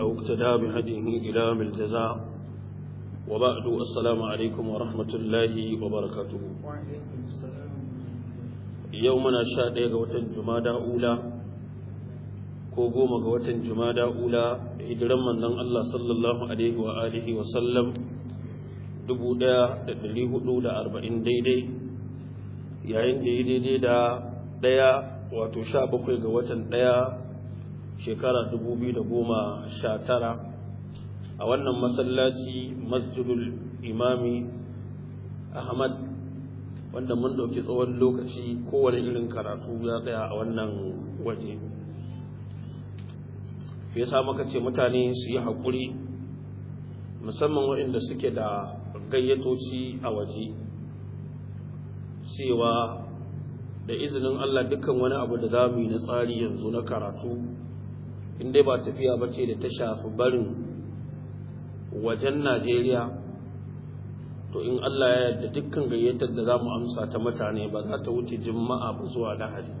أو اقتدى بهديه إلى الجزاء وبعد السلام عليكم ورحمة الله وبركاته يومنا شاد يغوة جمادى أولى ko goma ga watan jumada ula hijiran manzon Allah sallallahu alaihi wa alihi wa sallam 1440 daidai yayin da ya daidai da ɗaya wato 17 ga watan ɗaya. shekara 2019 a wannan masallaci masjidul imami ahmad wanda mun ɗauki tsawon lokaci kowane irin karatu ya tsaya a wannan waje ya sa maka ce mutane su yi haƙuri musamman waɗanda suke da gayyatoci a waje cewa da izinin Allah dukkan wani abu da za mu yi na tsari yanzu na karatu in dai ba tafiya ba ce da ta shafi barin wajen najeriya to in allah ya yarda dukkan gayyatar da za mu amsa ta mutane ba za ta wuce juma'a ba zuwa lahadi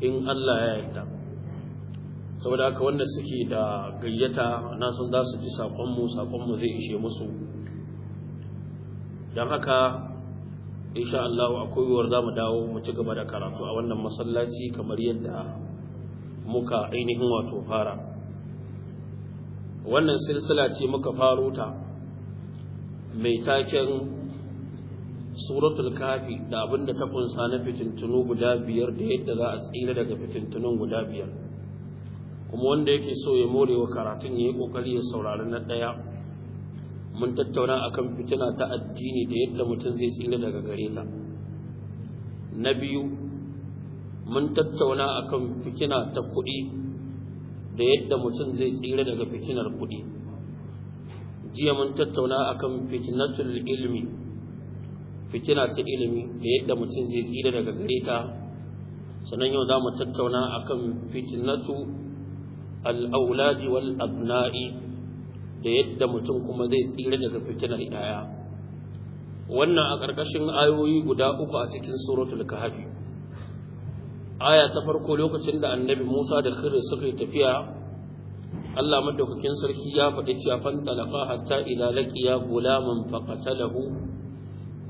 in allah ya yarda saboda haka wanda suke da gayyata na sun za su ji saƙonmu saƙonmu zai ishe musu don haka insha Allahu akwai yiwuwar za mu dawo mu ci gaba da karatu a wannan masallaci kamar yadda muka ainihin wato fara wannan silsila ce muka faro ta mai taken suratul kafi da abinda ta kunsa na fitintunu guda biyar da yadda za a tsira daga fitintunun guda biyar kuma wanda yake so ya more wa karatun ya yi kokari ya saurari na ɗaya mun tattauna a kan fitina ta addini da yadda mutum zai tsira daga gare ta na biyu mun tattauna akan fikina ta kuɗi da yadda mutum zai tsira daga fikinar kuɗi jiya mun tattauna akan fitnatul ilmi fikina ta ilimi da yadda mutum zai tsira daga gare ta sannan yau za mu tattauna akan fitnatu al'aulaji wal abna'i da yadda mutum kuma zai tsira daga fitinar ƙaya. wannan a ƙarƙashin ayoyi guda uku a cikin suratul kahfi aya ta farko lokacin da annabi Musa da Khidir suka tafiya Allah madaukakin sarki ya faɗi cewa fantalaqa hatta ila laqiya gulaman faqatalahu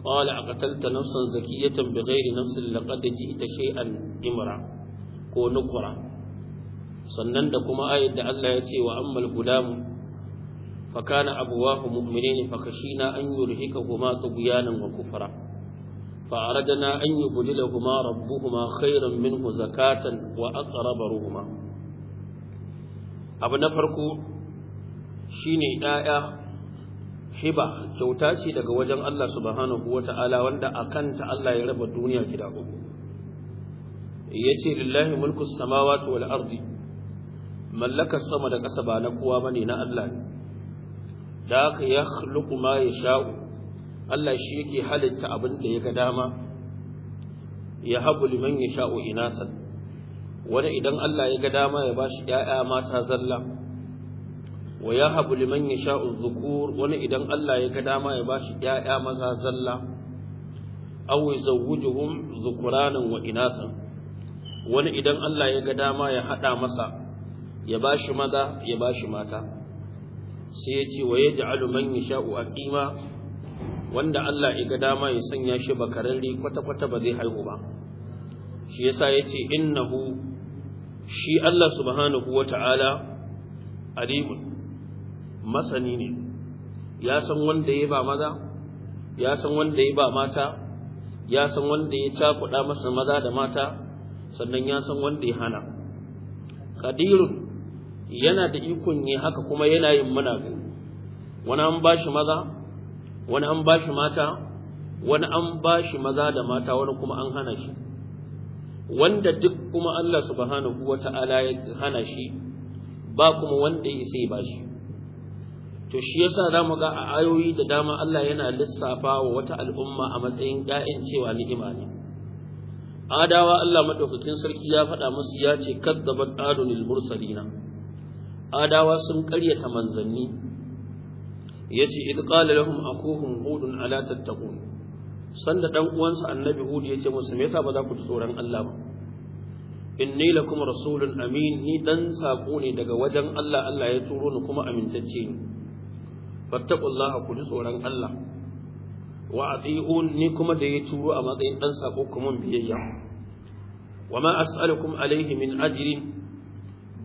qala aqtalta nafsan zakiyatan bighairi nafsin laqad ji'ta shay'an imra ko nukura, sannan da kuma ayat da Allah ya ce wa ammal gulamu fakana abuwahu mu'minin fakashina an yurhikahuma tughyanan wa kufra فأردنا أن يبدلهما ربهما خيرا منه زكاة وأقرب رهما abu na farko ne ɗaya hiba kyauta ce daga wajen Allah subhanahu Ta'ala, wanda kanta Allah ya raba duniya gida uku yace lillahi mulku samawati wal ardi mallakar sama da ƙasa ba na kowa ne na Allah ne da aka ya khluqu ya shau Allah shi yake halitta abin da ya ga dama ya habu liman ya sha'u inasan wani idan Allah ya ga dama ya bashi ƴaƴa mata zalla wa ya habu liman ya sha'u dhukur wani idan Allah ya ga dama ya bashi ƴaƴa maza zalla aw yuzawwijuhum dhukuranan wa inasan wani idan Allah ya ga dama ya hada masa ya bashi maza ya bashi mata sai ya ce wa yaj'alu man yasha'u aqima wanda Allah ya ga dama ya sanya shi bakararri kwata-kwata ba zai haihu ba shi yasa yace innahu shi Allah subhanahu wata'ala alimun masani ne ya san wanda ya ba maza ya san wanda ya ba mata ya san wanda ya cakuɗa masa maza da mata sannan ya san wanda ya hana kadirun yana da ikon yi haka kuma yana yin muna gani wani an ba shi maza wani an bashi mata wani an bashi maza da mata wani kuma an hana shi wanda duk kuma Allah subhanahu wata'ala ya hana shi ba kuma wanda ya sai ba shi to shi yasa zamu ga a ayoyi da dama Allah yana lissafa wa wata al'umma a matsayin ƴaƴan cewa ni'ima ne adawa Allah madaukakin sarki ya faɗa musu ya ce kadzabat adunil mursalina adawa sun ƙaryata manzanni yace id qala lahum akuhum hudun ala tattaqun sanda dan uwansa annabi hud yace musu me yasa ba za ku ji tsoron Allah ba inni lakum rasulun amin ni dan sako ne daga wajen Allah Allah ya turo ni kuma amintacce ni fattaqullaha ku ji tsoron Allah wa ati'un ni kuma da ya turo a matsayin dan sako kuma biyayya wa ma as'alukum alaihi min ajrin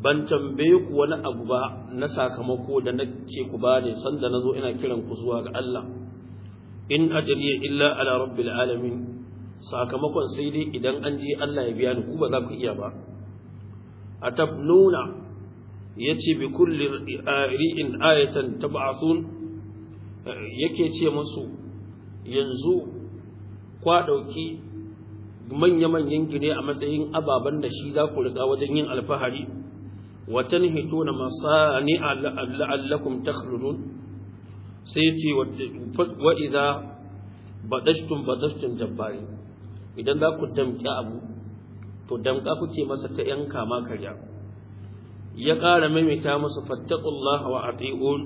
ban tambaye ku wani abu ba na sakamako da na ce ku ba sanda na zo ina kiran ku zuwa ga Allah in ajaliya illa ala rabbil alamin sakamakon sai dai idan an je Allah ya biya ni ku ba za ku iya ba atabnuna yace bi kulli ri'in ayatan tab'athun yake ce musu yanzu kwa dauki manya-manyan gine a matsayin ababen da shi za ku riga wajen yin alfahari wa tanhituna masani la'allakum takhludun sai ce wa idza badashtum badashtum idan za ku damƙi abu to damƙa kuke masa ta yan kama karya ya ƙara maimaita musu fattaqullaha wa ati'un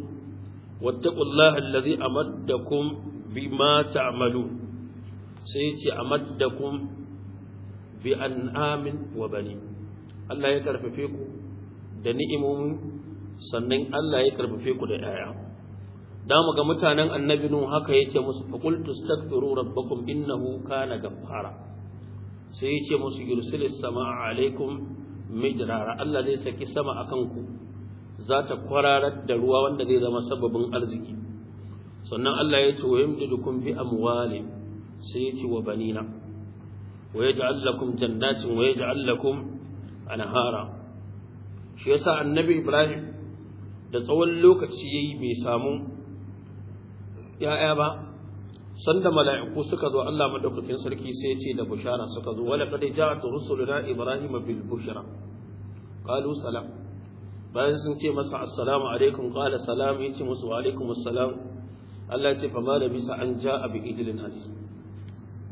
wattaqullaha allazi amaddakum bima ta'malun sai ce amaddakum bi an'amin wa bani Allah ya karfafe ku da ni'imomi sannan Allah ya karfafe ku da 'ya'ya da mu ga mutanen annabi nuhu haka ce musu faqultu astaghfiru rabbakum innahu kana gaffara sai ce musu yursilis samaa alaikum midrara Allah zai saki sama akan kanku za ta kwararar da ruwa wanda zai zama sababin arziki sannan Allah ya ce wa yamdidukum bi amwalin sai ya ce wa banina wa yaj'al lakum jannatin wa yaj'al lakum anhara shi yasa annabi ibrahim da tsawon lokaci yayi bai samu ya'ya ba sanda mala'iku suka zo Allah madaukakin sarki sai ya ce da bushara suka zo wala qad ja'at rusuluna ibrahima bil bushra qalu salam bayan sun ce masa assalamu alaikum qala salam yace musu wa alaikum assalam Allah ya ce fa mala bisa an ja'a bi ijlin hadis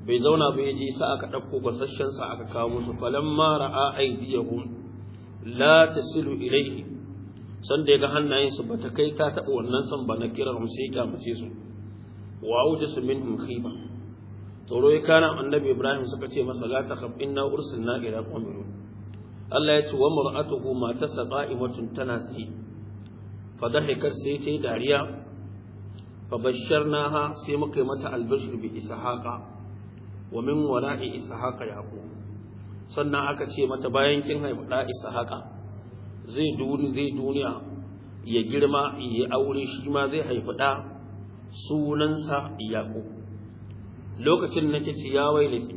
bai zauna ba yaji sa aka dauko gwasasshen sa aka kawo musu falamma ra'a aydiyahum la tasilu ilaihi Sanda ya ga hannayensu bata kai ta taɓa wannan san ba na kiran sai kyamace su wa su minhum khiba tsoro ya kana annabi ibrahim suka ce masa la takhaf inna ursilna ila qaumin Allah ya ce wa mar'atuhu ma tasqa'imatun tana saki. fa dahikat sai ta dariya fa basharnaha sai muka yi mata albashir bi ishaqa wa min wara'i ishaqa yaqub sannan aka ce mata bayan kin haifi da haka zai duni zai duniya ya girma ya aure shi ma zai haifi da sunansa yaqub lokacin nake ci ya wailaki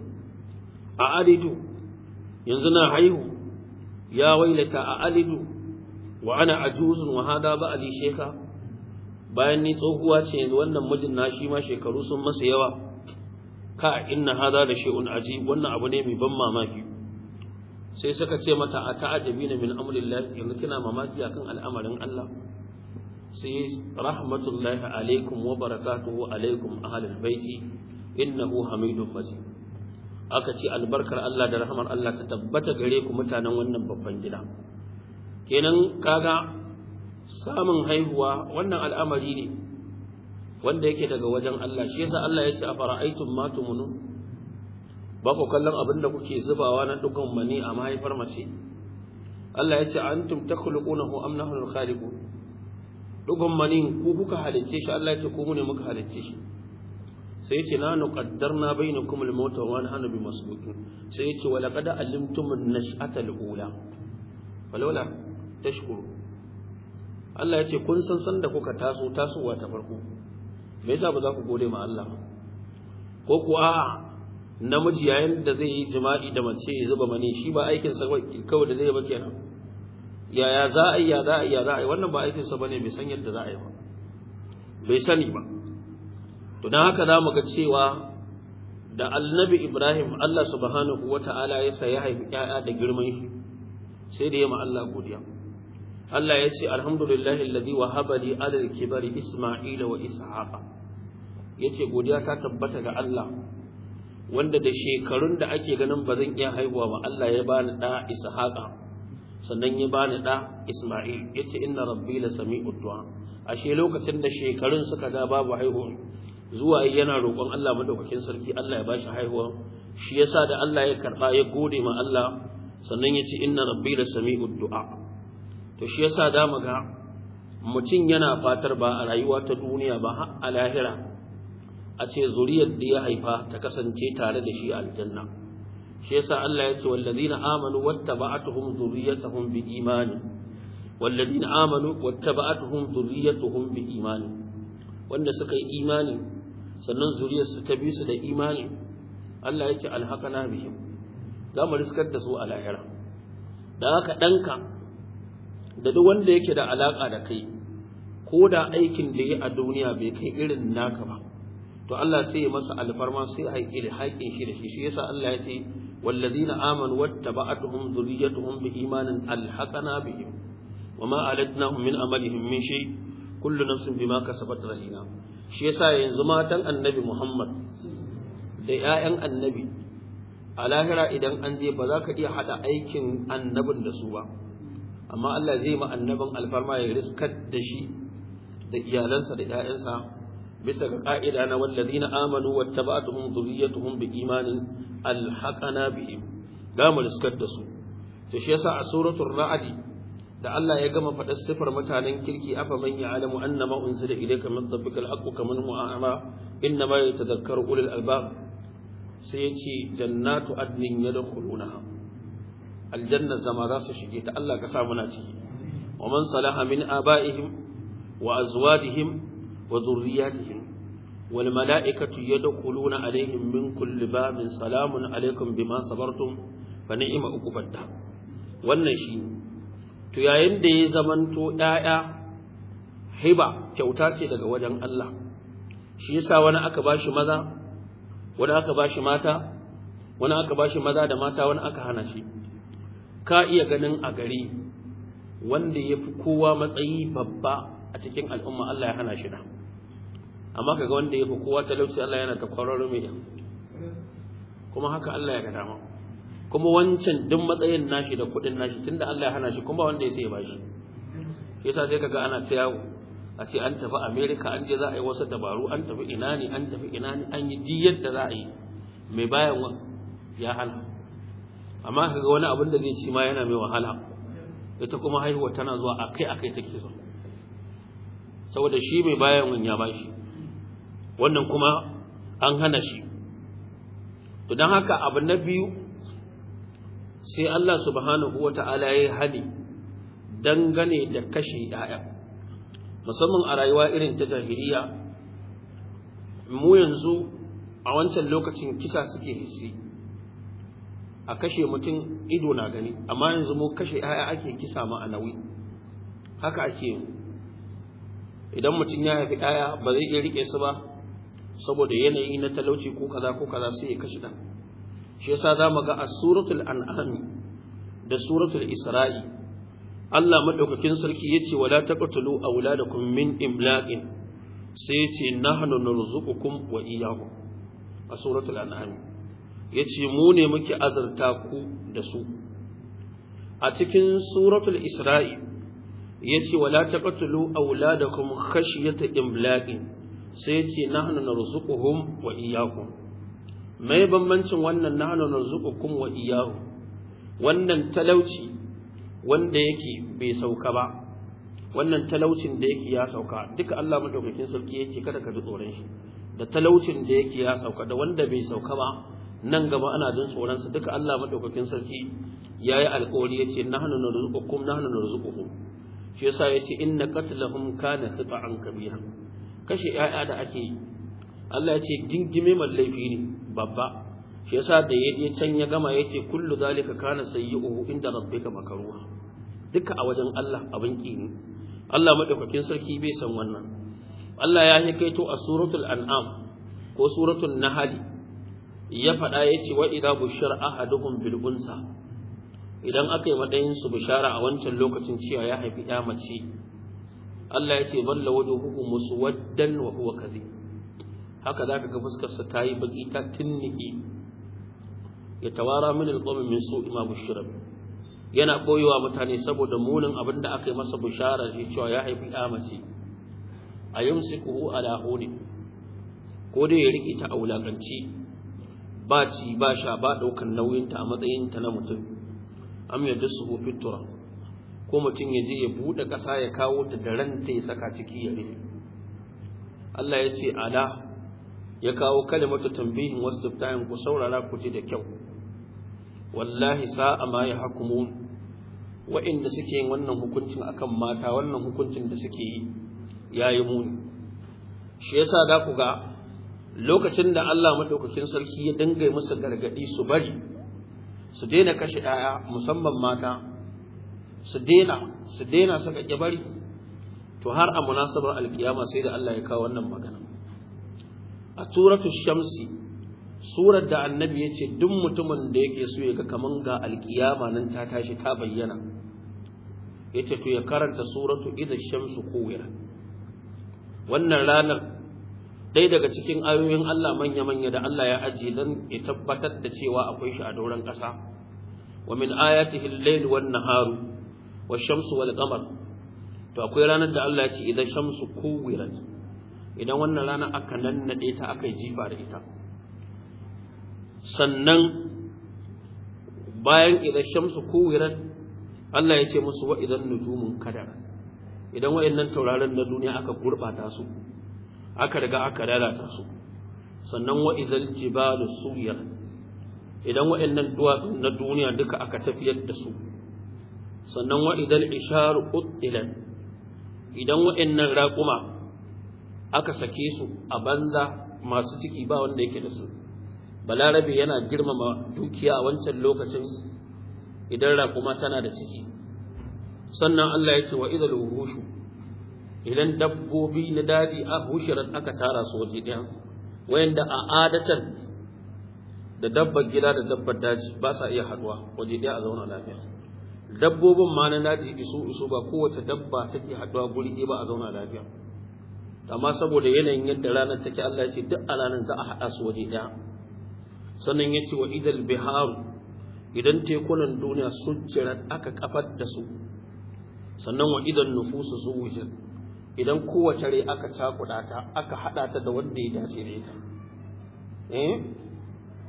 a alidu yanzu na haihu ya wailata a alidu wa ana ajuzun wa hada ba ali sheka bayan ni tsohuwa ce yanzu wannan mijin na shi ma shekaru sun masa yawa ka inna hada da in aji wannan abu ne mai ban mamaki sai suka ce mata a na min amrillah yanzu kina mamaki akan al'amarin Allah sai rahmatullahi alaikum wa barakatuhu alaikum ahlul baiti innahu hamidun majid aka ce albarkar Allah da rahmar Allah ta tabbata gare ku mutanen wannan babban gida kenan kaga samun haihuwa wannan al'amari ne wanda yake daga wajen Allah shi yasa Allah ya ce a fara'aitun ma tumunu ba ku kallon abin da kuke zubawa na dukkan mani a mahaifar mace Allah ya ce antum takhluqunahu am nahnu al-khaliqun dukkan mani ku kuka halicce shi Allah ya ce ku mu ne muka halicce shi sai yace na qaddarna bainakum al-maut wa nahnu bimasbutun sai yace wa laqad alimtum an-nash'ata al-ula falawla tashkuru Allah ya ce kun san san da kuka taso tasowa ta farko me yasa ba za ku gode ma Allah ko ku a'a namiji yayin da zai yi jima'i da mace ya zuba mani shi ba aikin sa kawai da zai ba kenan yaya za a yi ya za a yi ya za a yi wannan ba aikin sa bane bai san yadda za a yi ba bai sani ba to dan haka zamu ga cewa da annabi Ibrahim Allah subhanahu wataala ya sa ya haifi ƴaƴa da girman shi sai da yamma Allah godiya Allah ya ce alhamdulillahi allazi wahaba li alal kibari isma'ila wa ishaqa yace godiya ta tabbata ga Allah wanda da shekarun da ake ganin ba zan iya haihuwa ba Allah ya bani da Ishaqa sannan ya bani da Isma'il yace inna rabbi la sami'ud du'a ashe lokacin da shekarun suka ga babu haihuwa zuwa yana roƙon Allah madaukakin sarki Allah ya bashi haihuwa shi yasa da Allah ya karba ya gode ma Allah sannan yace inna rabbi la sami'ud du'a to shi yasa da muga mutum yana fatar ba a rayuwa ta duniya ba har a lahira a ce zuriyar da ya haifa ta kasance tare da shi a aljanna shi yasa Allah ya ce wallazina amanu wattaba'atuhum zurriyatuhum biimani wallazina amanu wattaba'atuhum zurriyatuhum imani. wanda suka yi imani sannan zuriyar su ta bi su da imani Allah ya ce alhaqana bihim za mu riskar da su a lahira da haka danka da duk wanda yake da alaka da kai ko da aikin da yi a duniya bai kai irin naka ba to Allah sai ya masa alfarma sai a yi haƙin shi da shi shi yasa Allah ya ce wallazina amanu wattaba'atuhum dhurriyyatuhum biimanin alhaqana bihim wama alatnahum min amalihim min shay kullu nafsin bima kasabat rahina shi yasa yanzu matan annabi Muhammad da ƴaƴan annabi a lahira idan an je ba za ka iya hada aikin annabin da su ba amma Allah zai ma annabin alfarma ya riskar da shi da iyalansa da 'ya'yansa bisa ga ka'ida na wallazina amanu ba wattaba'atuhum dhurriyyatuhum biimanin alhaqana bihim da mu riskar da su to shi yasa a suratul ra'd da Allah ya gama faɗar sifar mutanen kirki afa man ya'lamu annama unzila ilayka min rabbikal haqqu kaman huwa a'ma ta yatadhakkaru ulul albab sai ya ce jannatu adnin yadkhulunaha aljanna zama za su shige ta Allah ka sa muna ciki Wa ومن صلح من آبائهم وأزواجهم وذرياتهم wal mala'ikatu yadkhuluna alaihim min kulli babin salamun alaikum bima sabartum fa ni'ma wannan shi to yayin da ya zamanto 'ya'ya hiba kyauta ce daga wajen Allah shi yasa wani aka bashi maza wani aka bashi mata wani aka bashi maza da mata wani aka hana shi ka iya ganin a gari wanda ya fi kowa matsayi babba a cikin al'umma Allah ya hana shi da amma kaga wanda ya fi kowa talauci Allah yana ta kwararo mai kuma haka Allah ya gada mu kuma wancan duk matsayin nashi da kuɗin nashi tunda Allah ya hana shi kuma wanda ya sai ya bashi shi yasa sai kaga ana ta yawo a ce an tafi America an je za a yi wasu dabaru an tafi ina ne an tafi ina ne an yi duk yadda za a yi mai bayan ya hana amma kaga wani abin da zai ci ma yana mai wahala ita kuma haihuwa tana zuwa akai akai take zuwa saboda shi mai bayan ya bashi wannan kuma an hana shi to dan haka abu na biyu sai Allah subhanahu wata'ala ya hani dangane da kashe ‘ya'ya musamman a rayuwa irin ta jahiliya mu yanzu a wancan lokacin kisa suke hissi a kashe mutum ido na gani amma yanzu mu kashe ‘ya'ya ake kisa ma'anawi haka ake yi idan mutum ya haifi ‘ya'ya ba zai iya riƙe su ba saboda yanayi na talauci ko kaza ko kaza sai ya kashi dan shi yasa zamu ga as-suratul an'am da suratul isra'i Allah madaukakin sarki yace wala taqtulu auladakum min imlaqin sai yace nahnu nurzuqukum wa iyyahum a suratul an'am yace mu ne muke azurta ku da su a cikin suratul isra'i yace wala taqtulu auladakum khashyata imlaqin sai ce nahnu narzuquhum wa iyyakum mai bambancin wannan nahnu narzuqukum wa iyaku. wannan talauci wanda yake bai sauka ba wannan talaucin da yake ya sauka duka Allah madaukakin sarki yake kada ka ji tsoron shi da talaucin da yake ya sauka da wanda bai sauka ba nan gaba ana jin tsoron sa duka Allah madaukakin sarki yayi alƙawari yace nahnu narzuqukum nahnu narzuquhum shi yasa yace inna qatlahum kana qita'an kabira kashe ‘ya'ya da ake yi Allah ya ce gingime laifi ne babba shi yasa da ya je can ya gama yace ce kullu zalika kana sayyi'uhu inda rabbika makaruha duka a wajen Allah abin kini ne Allah madaukakin sarki bai san wannan Allah ya hikaito a suratul an'am ko suratul nahl ya faɗa yace, ce wa idza bushira ahaduhum bil unsa idan aka yi madayin su bishara a wancan lokacin cewa ya haifi ya mace Allah ya ce balla wajhuhu muswaddan wa huwa kadhib haka zaka ga fuskar sa tayi baki ta tinniki ya tawara min alqawmi min su'i ma bushira yana koyowa mutane saboda munin abin da aka yi masa bushara shi cewa ya haifi da mace a yumsikuhu ala huni ko dai ya rike ta a wulakanci ba ci ba sha ba daukan nauyinta a matsayinta na mutum am yadda su hutu ko mutum ya je ya buɗe ƙasa ya kawo ta da ranta ya saka ciki ya rufe Allah ya ce ala ya kawo kalimatu tambihin wasu taftayin ku saurara ku ji da kyau wallahi sa'a ma ya hakumu wa'inda suke yin wannan hukuncin akan mata wannan hukuncin da suke yi yayi muni shi yasa da ku ga lokacin da Allah madaukakin sarki ya dinga musu gargadi su bari su daina kashe 'ya'ya musamman mata su daina su daina saka kibari to har a munasabar alkiyama sai da Allah ya kawo wannan magana a suratu shamsi surar da annabi yace duk mutumin da yake so ya ga kaman ga alkiyama nan ta tashi ta bayyana yace to ya karanta suratu idan shamsu kuwira wannan ranar dai daga cikin ayoyin Allah manya-manya da Allah ya ajiye dan ya tabbatar da cewa akwai shi a doron ƙasa wa min ayatihi al-lail wan naharu والشمس والقمر wal qamar to akwai ranar da Allah ya ce idan shamsu kuwirat idan wannan rana aka nannade ta aka jifa da ita sannan bayan idan shamsu kuwirat Allah ya ce musu wa idan nujumun kadara idan wayannan tauraron na duniya aka gurbata su aka riga aka lalata su sannan wa idan jibalu suyar, idan wayannan duwatsu na duniya duka aka tafiyar da su sannan wa idan isharu qutilan idan wa'annan raƙuma aka sake su a banza masu ciki ba wanda yake da su balarabe yana girmama dukiya a wancan lokacin idan raƙuma tana da ciki sannan Allah ya ce wa idal wuhushu idan dabbobi na daji a hushiran aka tara su waje ɗaya wayanda a adatar da dabbar gida da dabbar daji ba sa iya haɗuwa waje ɗaya a zauna lafiya dabbobin ma na naji isu isu ba kowace dabba take haɗuwa guri ba a zauna lafiya amma saboda yanayin yadda ranar take Allah ce duk a ranar za a haɗa su waje ɗaya sannan ya ce wa idal biharu idan tekunan duniya sun cira aka kafar da su sannan wa idan nufusu su wujin idan kowace rai aka cakuɗa ta aka haɗa ta da wanda ya dace da ita eh?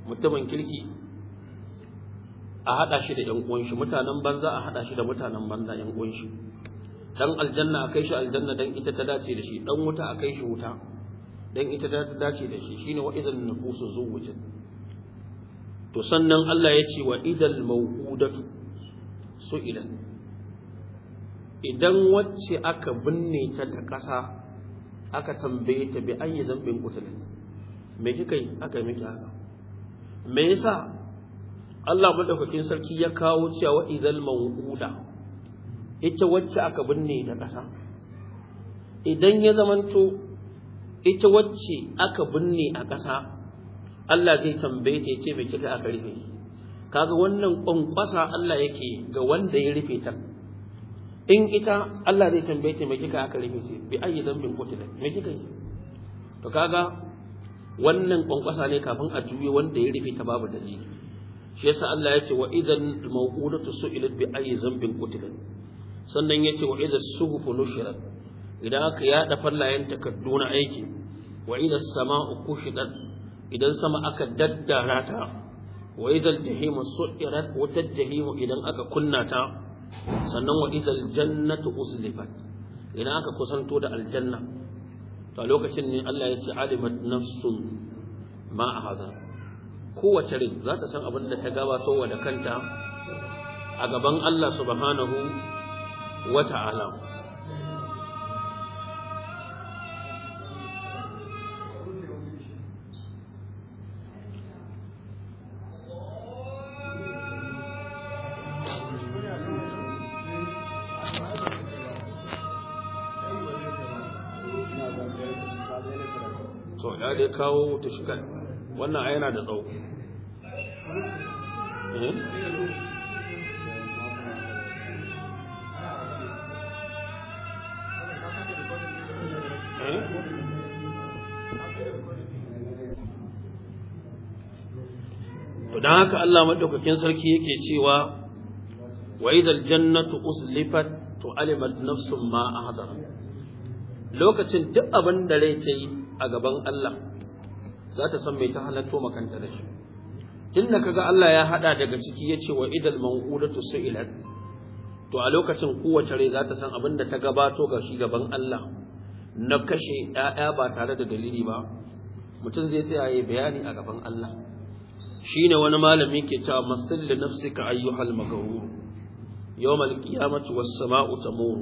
mutumin kirki a haɗa shi da ‘yan shi mutanen banza a haɗa shi da mutanen banza ‘yan shi dan aljanna a kai shi aljanna dan ita ta dace da shi dan wuta a kai shi wuta dan ita ta dace da shi shine wa idan nufusu zuwujin to sannan Allah ya ce wa idal mawudatu su idan idan wacce aka binne ta da ƙasa aka tambaye ta bi an yi zambin kutulan me kika yi aka yi miki haka me yasa Allah madaukakin sarki ya kawo cewa idzal mawquda ita wacce aka binne da ƙasa idan ya zamanto ita wacce aka binne a ƙasa Allah zai tambaye ta ce me kika aka rufe kaga wannan kwankwasa Allah yake ga wanda ya rufe ta in ita Allah zai tambaye ta me kika aka rufe ce bi ayi zambin kutila me kika yi to kaga wannan kwankwasa ne kafin a juye wanda ya rufe ta babu dalili shi yasa Allah ya ce wa idan mawqudatu su'ilat bi ayi zambin qutilat sannan yace wa idan suhufu nushirat idan aka yada fallayen takaddu na aiki wa idan sama'u kushidat idan sama aka daddara ta wa idan jahimu su'irat wa tajhimu idan aka kunna ta sannan wa idan jannatu uzlifat idan aka kusanto da aljanna to lokacin ne Allah ya ce alimat nafsun ma hadha kowace rai za ta san abin da ta gabato da kanta a gaban Allah subhanahu wa ta'ala to kawo ta shigar. wannan a yana da tsawo eh? eh? don haka Allah maɗaukakin sarki yake cewa wa idal jannatu uslifat to alimat nafsun ma a lokacin duk abin da rai ta yi a gaban Allah za ta san mai ta halatto makanta da shi inda kaga Allah ya hada daga ciki ce wa idal maw'udatu su'ilat to a lokacin kowace rai za ta san abin da ta gabato ga shi gaban Allah na kashe ƴaƴa ba tare da dalili ba mutum zai tsaya yayi bayani a gaban Allah shine wani malami ke cewa masil li nafsika ayyuhal maghrur yawm al-qiyamati was-sama'u tamur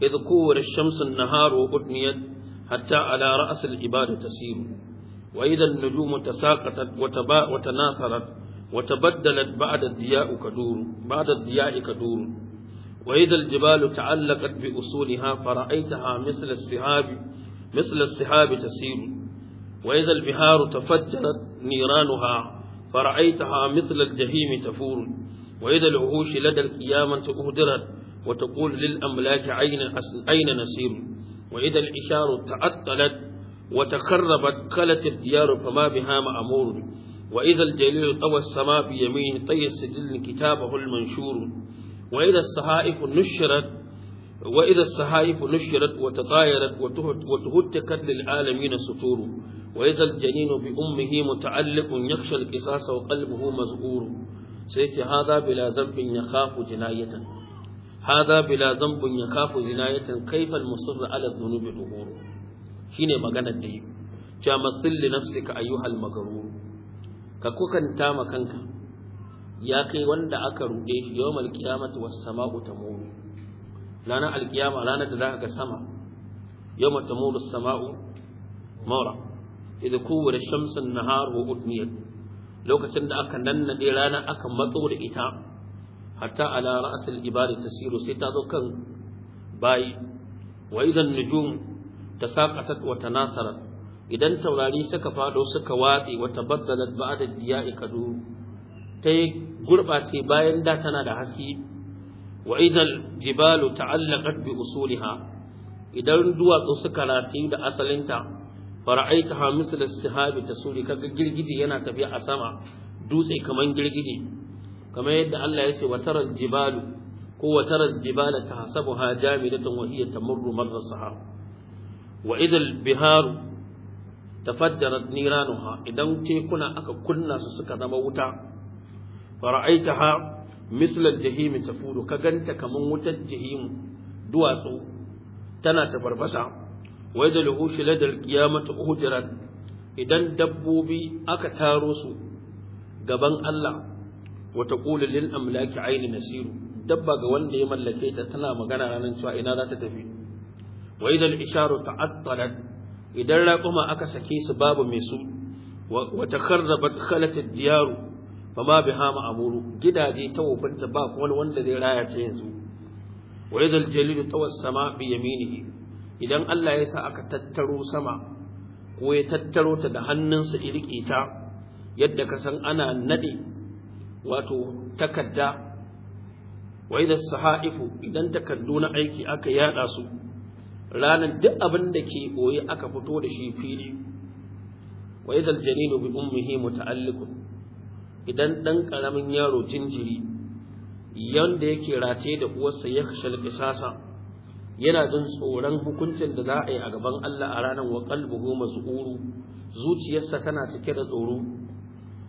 idh kuwara ash-shamsu an-naharu udniyat hatta ala ra's ibada ibadati وإذا النجوم تساقطت وتبا وتناثرت وتبدلت بعد الضياء كدور بعد الضياء كدور وإذا الجبال تعلقت بأصولها فرأيتها مثل السحاب مثل السحاب تسير وإذا البحار تفجرت نيرانها فرأيتها مثل الجحيم تفور وإذا العهوش لدى القيامة أهدرت وتقول للأملاك أين أين نسير وإذا العشار تعطلت وتخربت قلت الديار فما بها مأمور وإذا الجليل طوى السماء بيمين طي السجل كتابه المنشور وإذا الصحائف نشرت وإذا الصحائف نشرت وتطايرت وتهتكت للعالمين سطور وإذا الجنين بأمه متعلق يخشى القصاص وقلبه مزهور سيتي هذا بلا ذنب يخاف جناية هذا بلا ذنب يخاف جناية كيف المصر على الذنوب ظهوره Shi ne maganar da yi cewa masil li nafsika ayyuhal magrur ka kokanta ma kanka ya kai wanda aka rude yawmal qiyamati wasu sama'u ta Muru. ranar alkiyama ranar da za zaka ga sama yawma tamuru sama'u mawra idza kuwira shamsun nahar wa udniyat lokacin da aka nannade rana aka matso da ita hatta ala ra'sil ibadi tasiru sai ta zo kan bayi wa idan nujum tasaqatat wa tanasarat idan taurari suka fado suka watsi wa tabaddalat ba'da diya'i kadu yi gurbace bayan da tana da haske wa idal jibalu ta'allaqat bi usuliha idan duwatsu suka ratayu da asalinta fara'aitaha misla as-sihabi ka kaga girgije yana tafiya a sama dutse kaman girgije kamar yadda Allah ya ce wa taral jibalu ko wa taral jibala tahsabuha jamidatan wa hiya tamurru marra sahab wa idal biharu tafaddarat niranuha idan tekuna aka kunna su suka zama wuta ha mislal jahimi fudu ka ganta kamar wutar jahimu duwatsu tana tafarbasa wa idal ushi ladal qiyamati uhdirat idan dabbobi aka taro su gaban Allah wa taqulu lil amlaki aini nasiru dabba ga wanda ya mallake ta tana magana ranar cewa ina za ta tafi wa idan isharu ta'attalat idan raquma aka sake su babu mai su wa takharrabat khalat ad-diyaru ma biha ma'muru gidaje ta wufanta ba kuma wanda zai raya ta yanzu wa idan jalil tawassama bi yaminihi idan Allah ya sa aka tattaro sama ko ya tattaro ta da hannunsa irike ta yadda ka san ana nade wato takadda wa idan sahaifu idan takaddu na aiki aka yada su ranar duk abin da ke ɓoye aka fito da shi fili wa idal janinu bi ummihi muta'alliqun idan dan karamin yaro jinjiri yanda yake rataye da uwarsa ya kashal kisasa yana jin tsoron hukuncin da za a yi a gaban Allah a ranar wa qalbuhu mazuru zuciyarsa tana cike da tsoro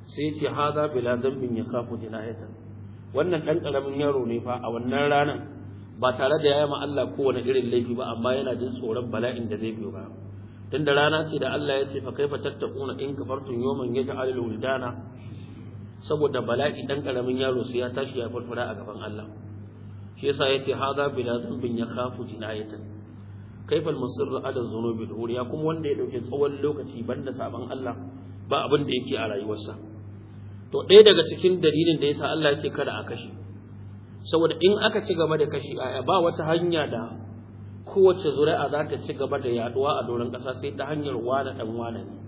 sai ce hada bila dambin ya kafu jinayatan wannan dan karamin yaro ne fa a wannan ranar ba tare da yayi ma Allah kowane irin laifi ba amma yana jin tsoron bala'in da zai biyo ba tunda rana ce da Allah ya ce fa kaifa tattaquna in kafartum yawman yaj'alul wuldana saboda bala'i dan karamin yaro sai ya tashi ya farfara a gaban Allah shi yasa yake hada bila zambin ya khafu jinayatan al musirru ala zunubi duriya kuma wanda ya dauke tsawon lokaci banda saban Allah ba abin da yake a rayuwarsa to ɗaya daga cikin dalilin da yasa Allah ya ce kada a kashe saboda in aka ci gaba da kashi aya ba wata hanya da kowace zuri'a za ta ci gaba da yaduwa a doron ƙasa sai ta hanyar wada dan wada ne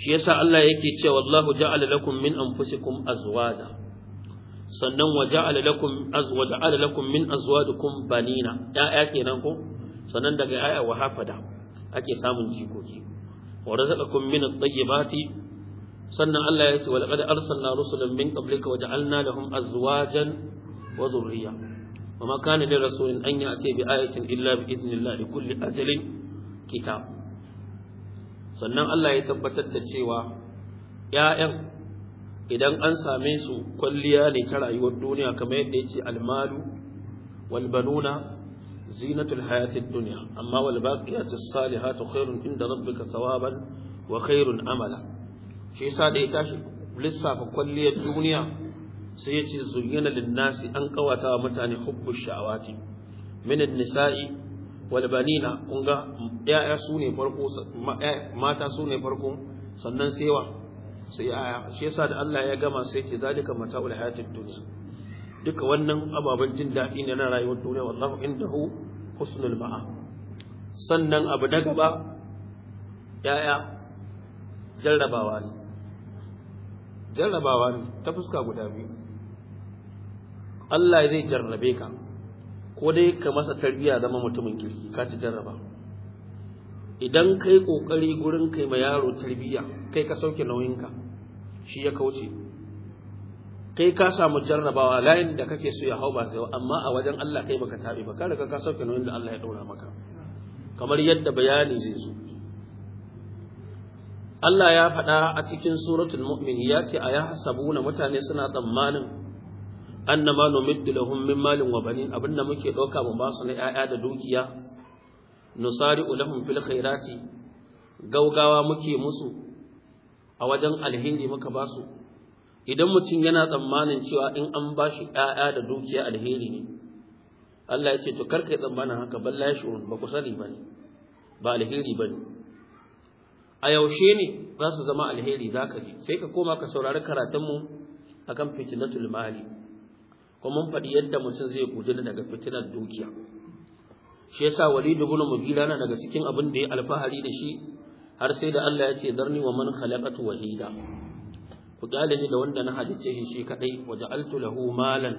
shi yasa Allah yake cewa wallahu ja'ala lakum min anfusikum azwaja sannan wa ja'ala lakum azwaja ala lakum min azwajikum banina ya'ya kenan ko sannan daga ya'ya wa hafada ake samun jikoki wa razaqakum min at-tayyibati sannan Allah ya ce wa laqad arsalna rusulan min qablika wa ja'alna lahum azwajan wa zurriya wa ma kana li rasulin an ya'ti bi ayatin illa bi idnillah li kitab sannan Allah ya tabbatar da cewa ‘ya'yan idan an same su kwalliya ne ta rayuwar duniya kamar yadda ya ce almalu walbanuna zinatul hayatid duniya amma walbaqiyatu salihatu khairun inda rabbika thawaban wa khairun amala shi yasa da ya tashi lissafa kwalliyar duniya sai yace zuyyana lin-nasi an kawata wa mutane hubbu shawati min an-nisa'i wal banina kun ga yaya sune farko mata sune farko sannan sai wa sai aya shi yasa da Allah ya gama sai ce zalika mata'ul hayatid dunya duka wannan ababen jin daɗi ne na rayuwar duniya wallahu indahu husnul ma'a sannan abu daga ba yaya jarrabawa ne jarrabawa ne ta fuska guda biyu Allah zai jarrabe ka ko dai ka masa tarbiya zama mutumin kirki ka ci jarraba idan kai kokari gurin kai ma yaro tarbiya kai ka sauke nauyinka shi ya kauce kai ka samu jarrabawa layin da kake so ya hau ba sai amma a wajen Allah kai baka tabi ba ka riga ka sauke nauyin da Allah ya daura maka kamar yadda bayani zai zo Allah ya faɗa a cikin suratul mu'min ya ce a ya hasabuna mutane suna tsammanin annama numiddu lahum min malin wa banin abinda muke dauka mu ba su na yaya da dukiya nusari'u lahum fil khairati gaugawa muke musu a wajen alheri muka basu. su idan mutum yana tsammanin cewa in an ba shi yaya da dukiya alheri ne Allah ya ce to karka yi tsammanin haka balla ya ba ku sani ba ba alheri ba a yaushe ne za su zama alheri za ji sai ka koma ka saurari karatunmu akan fitnatul mali ko mun faɗi yadda mutum zai gudana daga fitinar dukiya shi yasa walidu mu mughira na daga cikin abin da ya alfahari da shi har sai da Allah ya ce zarni wa man khalaqatu wahida ku kyale ni da wanda na halice shi shi kadai wa ja'altu lahu malan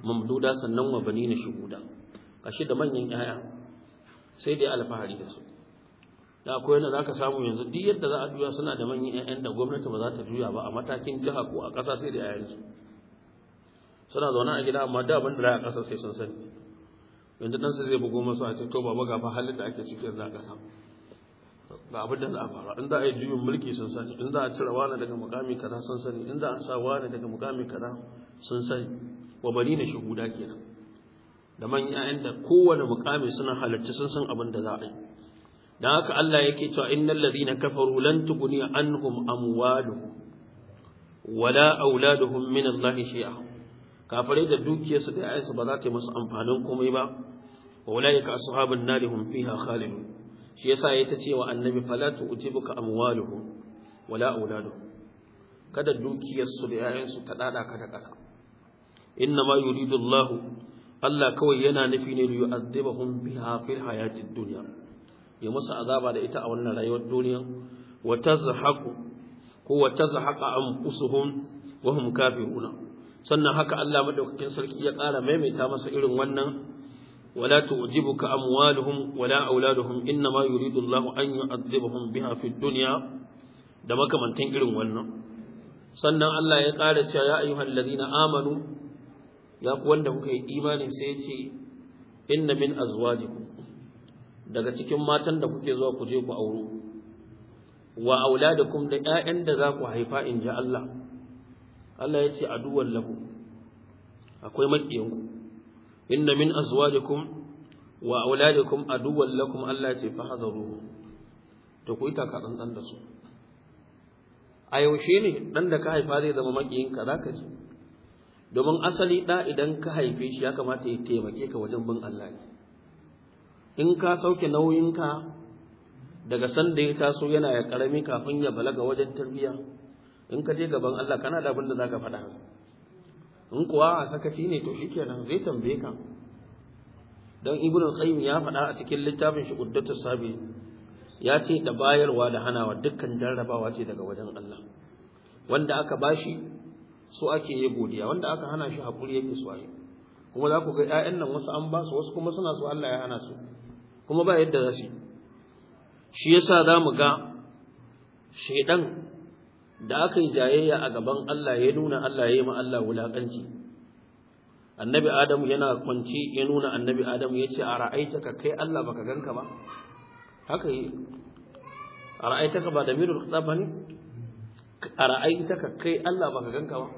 mamduda sannan wa na shuhuda kashi da manyan yaya sai dai alfahari da su da akwai wanda zaka samu yanzu duk yadda za a juya suna da manyan yayan da gwamnati ba za ta juya ba a matakin jiha ko a ƙasa sai da 'ya'yansu. suna zaune a gida amma da abin da za a ƙasa sai sun sani yanzu ɗansa zai bugo masu a cikin to baba ga fa halin da ake ciki yanzu a ƙasa ga abin da za a faru. in za a yi juyin mulki sun sani in za a cire wani daga mukami kaza sun sani in za a sa wani daga mukami kaza sun sani wa bari na shuhuda kenan da man ƴaƴan da kowane mukami suna halarci sun san abin da za a yi dan haka Allah yake cewa innal ladina kafaru lan tughni anhum amwaluhum wala auladuhum min Allah shay'a kafare da dukiyarsu da ayyansu ba za ta yi musu amfanin komai ba wa ulaika ashabun nari hum fiha khalidun shi yasa ya ta cewa annabi fala tu'tibuka amwaluhum wala auladu kada dukiyarsu da ayyansu ta dada ka da kasa inna ma yuridu Allah Allah kawai yana nufi ne da yu'adhibahum biha fil hayatid dunya ya musu azaba da ita a wannan rayuwar duniya wa tazhaqu ko wa tazhaqa anfusuhum wa hum kafiruna sannan haka Allah madaukakin sarki ya ƙara maimaita masa irin wannan wala tu'jibuka amwaluhum wala auladuhum inna ma yuridu Allahu an yu'adhibahum biha fid dunya da makamantan irin wannan sannan Allah ya ƙara cewa ya ayyuhal ladina amanu ya ku wanda kuka yi imani sai ya ce inna min azwajikum daga cikin matan da kuke zuwa ku je ku auro wa auladukum da ƴaƴan da za ku haifa in ji Allah Allah ya ce aduwar lahu akwai makiyanku inna min azwajikum wa auladikum aduwar lakum Allah ya ce fahadharuhu to ku ita ka dan da su a yaushe ne dan da ka haifa zai zama makiyinka zaka ji domin asali da idan ka haife shi ya kamata ya taimake ka wajen bin Allah ne in ka sauke nauyinka daga sanda ya taso yana ya karami kafin ya balaga wajen tarbiyya in ka je gaban Allah kana da abin da za ka faɗa in kuwa a sakaci ne to shikenan zai tambaye ka dan ibnu qayyim ya faɗa a cikin littafin shi quddatu sabi ya ce da bayarwa da hanawa dukkan jarrabawa ce daga wajen Allah wanda aka bashi so ake yi godiya wanda aka hana shi hakuri yake so yi kuma za ku ga ƴaƴan nan wasu an ba su wasu kuma suna so Allah ya hana su kuma ba yadda za su shi yasa za mu ga shaidan da aka yi jayayya a gaban Allah ya nuna Allah ya yi ma Allah wulakanci annabi adam yana kwanci ya nuna annabi adam ya ce a ra'aitaka kai Allah baka ganka ba haka yi a ra'aitaka ba da mirul ba ne a ra'aitaka kai Allah baka ganka ba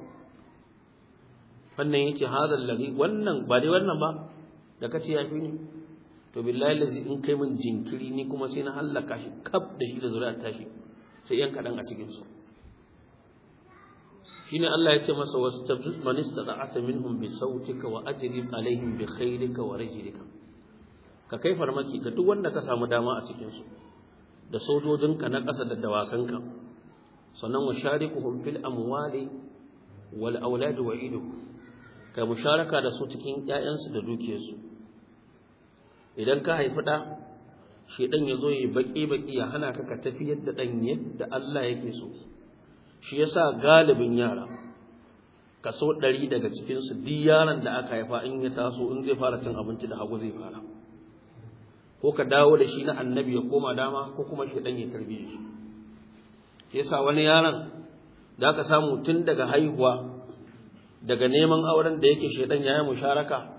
wannan ce, hadal lari wannan ba dai wannan ba da kace ya fi ni to billahi lazi in kai min jinkiri ni kuma sai na hallaka shi kaf da shi da zuriya tashi sai yan kaɗan a cikin su shine Allah ya ce masa wasu wastabjus man istata'ata minhum bi sautika wa ajiri alaihim bi khairika wa rajlika ka kai farmaki da duk wanda ka samu dama a cikinsu. da sojojinka na ƙasa da dawakanka sannan wa sharikuhum fil amwali wal aulad wa ido. ka musharaka da su cikin 'ya'yansu da dukiyarsu idan ka haifi ɗa shi ɗan ya zo yi baƙi-baƙi ya hana ka ka tafi yadda ɗan yadda Allah yake so shi yasa galibin yara kaso ɗari daga cikinsu duk yaran da aka haifa in ya taso in zai fara cin abinci da hagu zai fara ko ka dawo da shi na annabi ya koma dama ko kuma shi ɗan ya tarbiyya shi yasa wani yaran da aka samu tun daga haihuwa daga neman auren da yake shedan ya yi musharaka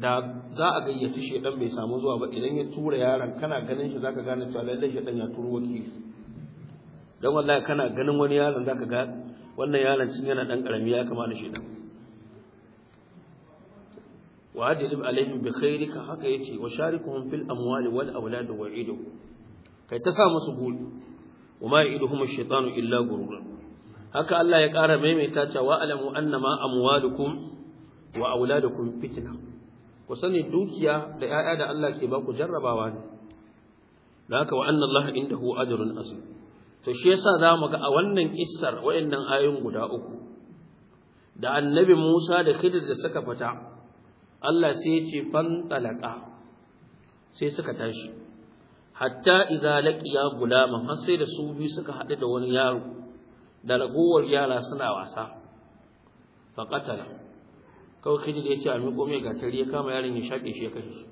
da za a gayyaci shedan bai samu zuwa ba idan ya tura yaron kana ganin shi zaka gane cewa lallai shedan ya turo wakili don wallahi kana ganin wani yaron zaka ga wannan yaron cin yana dan karami ya kama da shi dan wa ajlib alaihim bi khairika haka yace wa sharikuhum fil amwali wal awlad wa idu kai ta sa musu guri وما يعدهم wa إلا غرورا هكا الله يقار ميميتا واعلموا أنما أموالكم وأولادكم فتنة وسني دوكيا لآيات الله كي باكو جربا واني ذاك وأن الله عنده أجر أصيب to shi yasa mu ga a wannan kissar wayannan ayoyin guda uku da annabi Musa da Khidir da suka fita Allah sai ya ce fan talaka sai suka tashi hatta idza laqiya gulama har sai da su biyu suka haɗu da wani yaro da ragowar yara suna wasa fa qatala kawai Khidir ya ce a miƙo mai gatari ya kama yaron ya shaƙe shi ya kashe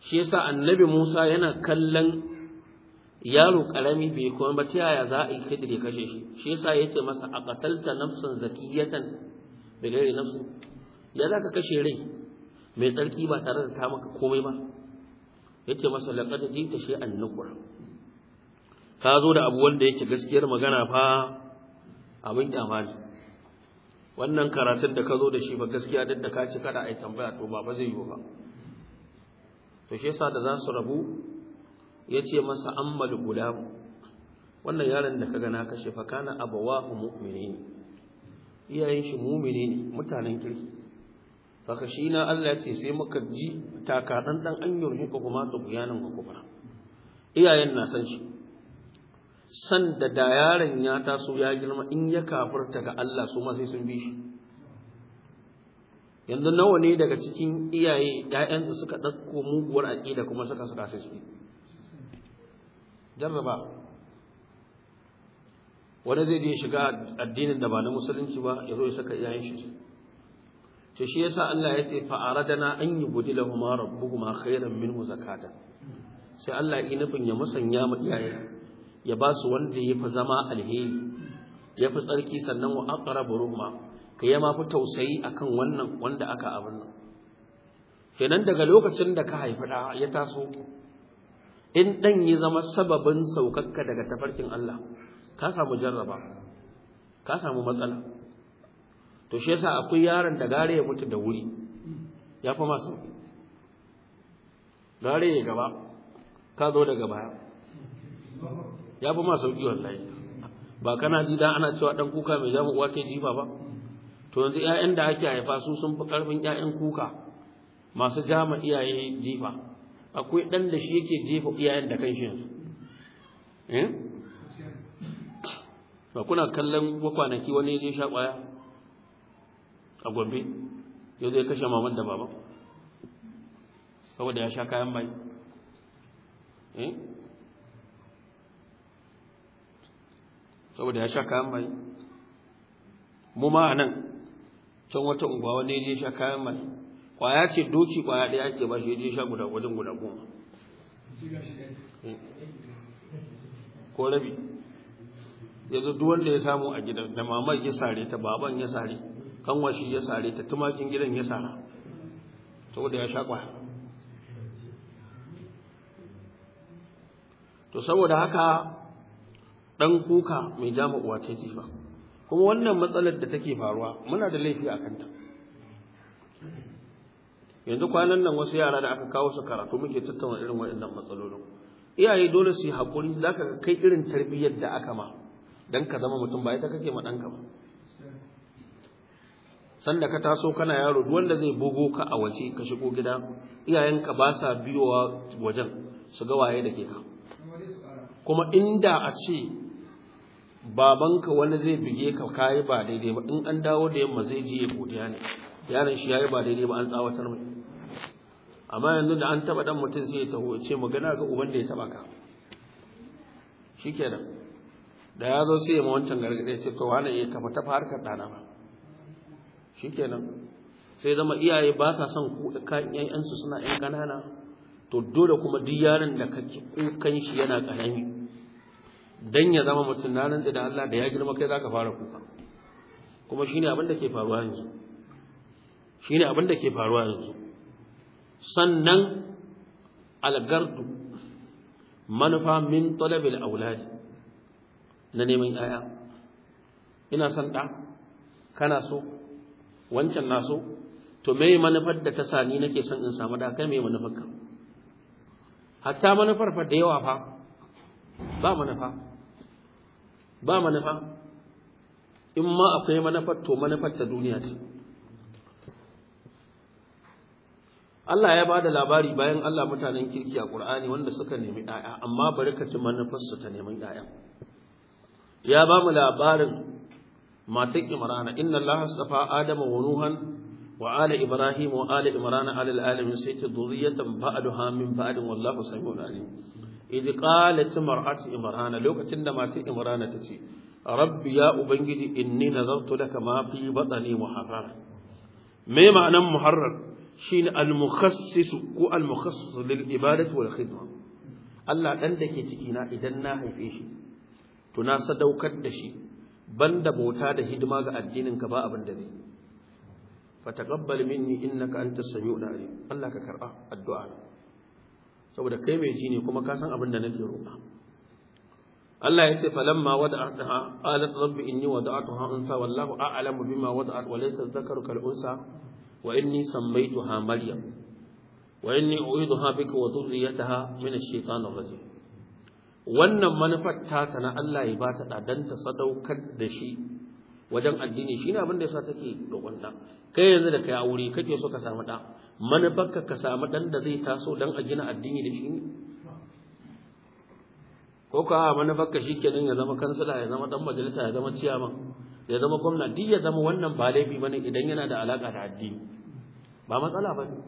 shi yasa annabi Musa yana kallon yaro karami bai kuma ba ta yaya za a yi kai kashe shi shi yasa ya ce masa a katalta nafsan zakiyatan bi ghairi nafsin ya za ka kashe rai mai tsarki ba tare da ta maka komai ba Ya ce masa laqad jita shay'an nukur ka zo da abu wanda yake gaskiyar magana fa abin kyamari wannan karatun da ka zo da shi ba gaskiya duk da ka ci kada a yi tambaya to ba ba zai yi ba to shi yasa da za su rabu ya ce masa ammal gulam wannan yaron da kaga na kashe fa kana abawahu mu'minin iyayen shi mu'mini ne mutanen kirki fa na Allah ce sai muka ji takadan dan an yurhi ko kuma to guyanan ko kuma iyayen na san shi san da da yaron ya taso ya girma in ya kafirta ga Allah su ma sai sun bi shi yanzu nawa ne daga cikin iyaye ‘ya'yansu suka ɗauko muguwar aƙida kuma suka suka sai su jarraba wani zai je shiga addinin da ba na musulunci ba ya zo ya saka iyayen shi to shi yasa Allah ya ce fa aradana an ma rabbuhuma khairan minhu zakata sai Allah yi nufin ya musanya ma iyaye ya ba su wanda ya fi zama alheri ya fi tsarki sannan wa aqrabu ruhma ka yi ma fi tausayi akan wannan wanda aka abin nan kenan daga lokacin da ka haifi da ya taso in ɗan ya zama sababin saukakka daga tafarkin Allah ka samu jarraba ka samu matsala to shi yasa akwai yaron da gare ya mutu da wuri ya fi masu gare ya gaba ka zo daga baya ya fi masu sauƙi wallahi ba kana ji da ana cewa ɗan kuka mai jamu uwa ke jifa ba to yanzu 'ya'yan da ake haifa su sun fi ƙarfin 'ya'yan kuka masu jama iyaye jifa akwai ɗan da shi yake jefa iyayen da kan shi eh? ba kuna kallon kwanaki wani ya je sha ƙwaya a gombe yau zai kashe maman da baban saboda ya sha kayan mai eh? saboda ya sha kayan mai mu ma a nan can wata unguwa wani ya je sha kayan mai kwaya ce doki kwaya ɗaya ake ba shi ya je sha guda wajen guda goma ko rabi yanzu duk wanda ya samu a gidan da mamar ya sare ta baban ya sare shi ya sare ta tumakin gidan ya sara saboda ya sha kwaya to saboda haka dan kuka mai jama'uwa ta yi jifa kuma wannan matsalar da take faruwa muna da laifi a kanta yanzu kwanan nan wasu yara da aka kawo su karatu muke tattauna irin waɗannan matsalolin iyaye dole su yi haƙuri za ka kai irin tarbiyyar da aka ma don ka zama mutum ba ita kake ma ɗanka ba sanda ka taso kana yaro duk wanda zai bugo ka a waje ka shigo gida iyayenka ba sa biyowa wajen su ga waye da ke ka kuma inda a ce babanka wani zai bige ka kayi ba daidai ba in an dawo da yamma zai ji ya godiya ne yaron shi yayi ba daidai ba an tsawatar mai amma yanzu da an taba dan mutum sai ya taho ya ce magana ga uban da ya taba ka shikenan da ya zo sai ya ma wancan gargaɗe ce to wani ya kafa tafa harkar ɗana ba shikenan sai zama iyaye ba sa son kan ƴaƴansu suna ƴan ƙanana to dole kuma duk yaron da kake kukan shi yana ƙarami dan ya zama mutum na nan da Allah da ya girma kai zaka fara kuka kuma shine abin da ke faruwa yanzu shine abin da ke faruwa yanzu sannan algardu manufa min talabil auladi na neman yaya ina son ɗa kana so wancan na so to me manufar da ta sani nake son in samu da kai me manufar ka hatta manufar fa da yawa fa ba manufa ba manufa in ma akwai manufar to manufar ta duniya ce Allah ya ba da labari bayan Allah mutanen kirki a ƙur'ani wanda suka nemi ɗaya amma bari ka ci manufarsu ta neman ɗaya ya ba mu labarin matan Imrana inna Allah astafa Adama wa Nuhan wa ala Ibrahim wa ala Imrana ala alamin sai ta zuriyatan duha min ba'din wallahu samiu alim idh qalat mar'atu Imrana lokacin da matan Imrana ta ce rabbi ya ubangiji inni nazartu laka ma fi batni muharrar me ma'anan muharrar Shin al ko al-mukhassis lil ibadati wal khidma Allah dan dake ciki na idan na haife shi to na sadaukar da shi banda bauta da hidima ga addinin ka ba abin da ne fataqabbal Allah ka karba addu'a saboda kai mai ji ne kuma ka san abin da nake roƙa Allah ya ce falamma wada'ataha qalat rabbi inni wada'ataha unsa wallahu a'lamu bima wada'at wa laysa dhakaru kal unsa wa inni sammaituha maryam wa inni u'iduha bika wa dhurriyyataha min ash-shaytanir rajim wannan manufar ta na Allah ya bata da dan ta sadaukar da shi wajen addini shine abin da ya yasa take roƙon da kai yanzu da kai aure kake so ka samu da manufar ka samu ɗan da zai taso dan a gina addini da shi ne ko ka manufar ka shikenan ya zama kansila ya zama ɗan majalisa ya zama ciyaman ya zama gwamna duk ya zama wannan ba laifi ne idan yana da alaƙa da addini ba matsala ba ne.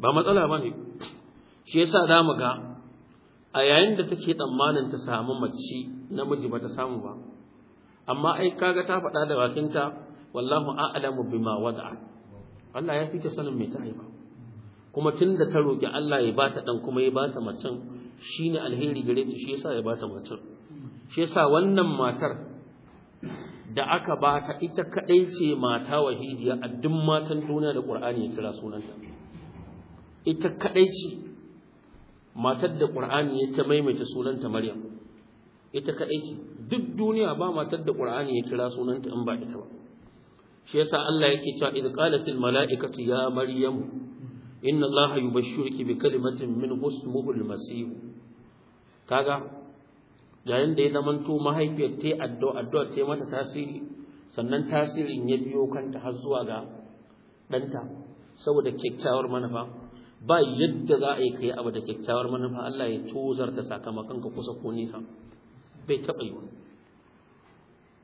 ba matsala ba ne. shi ya za mu ga a yayin da take tsammanin ta samu mace namiji ta samu ba amma ai kaga ta faɗa da bakinta wallahu a'lamu bima wada'at Allah ya fi ta sanin me ta haifa kuma tunda ta roki Allah ya bata dan kuma ya bata macen shine alheri gare ta shi yasa ya bata macen shi yasa wannan matar da aka ba ta ita kaɗai ce mata wahidiya a duk matan duniya da ƙur'ani ya kira sunanta ita kaɗai ce matar da ƙur'ani ya ta maimaita sunanta maryam ita kaɗai ce duk duniya ba matar da ƙur'ani ya kira sunanta in ba ita ba shi yasa Allah yake cewa idh qalatil mala'ikatu ya maryamu inna allaha yubashshiruki bi kalimatin min husmuhu al-masih kaga yayin da ya zamanto mahaifiyar ta addu'a addu'a ta mata tasiri sannan tasirin ya biyo kanta har zuwa ga ɗanta saboda kyakkyawar manufa ba yadda za a yi kai abu da kyakkyawar manufa Allah ya da sakamakon ka kusa ko nisa bai taɓa yi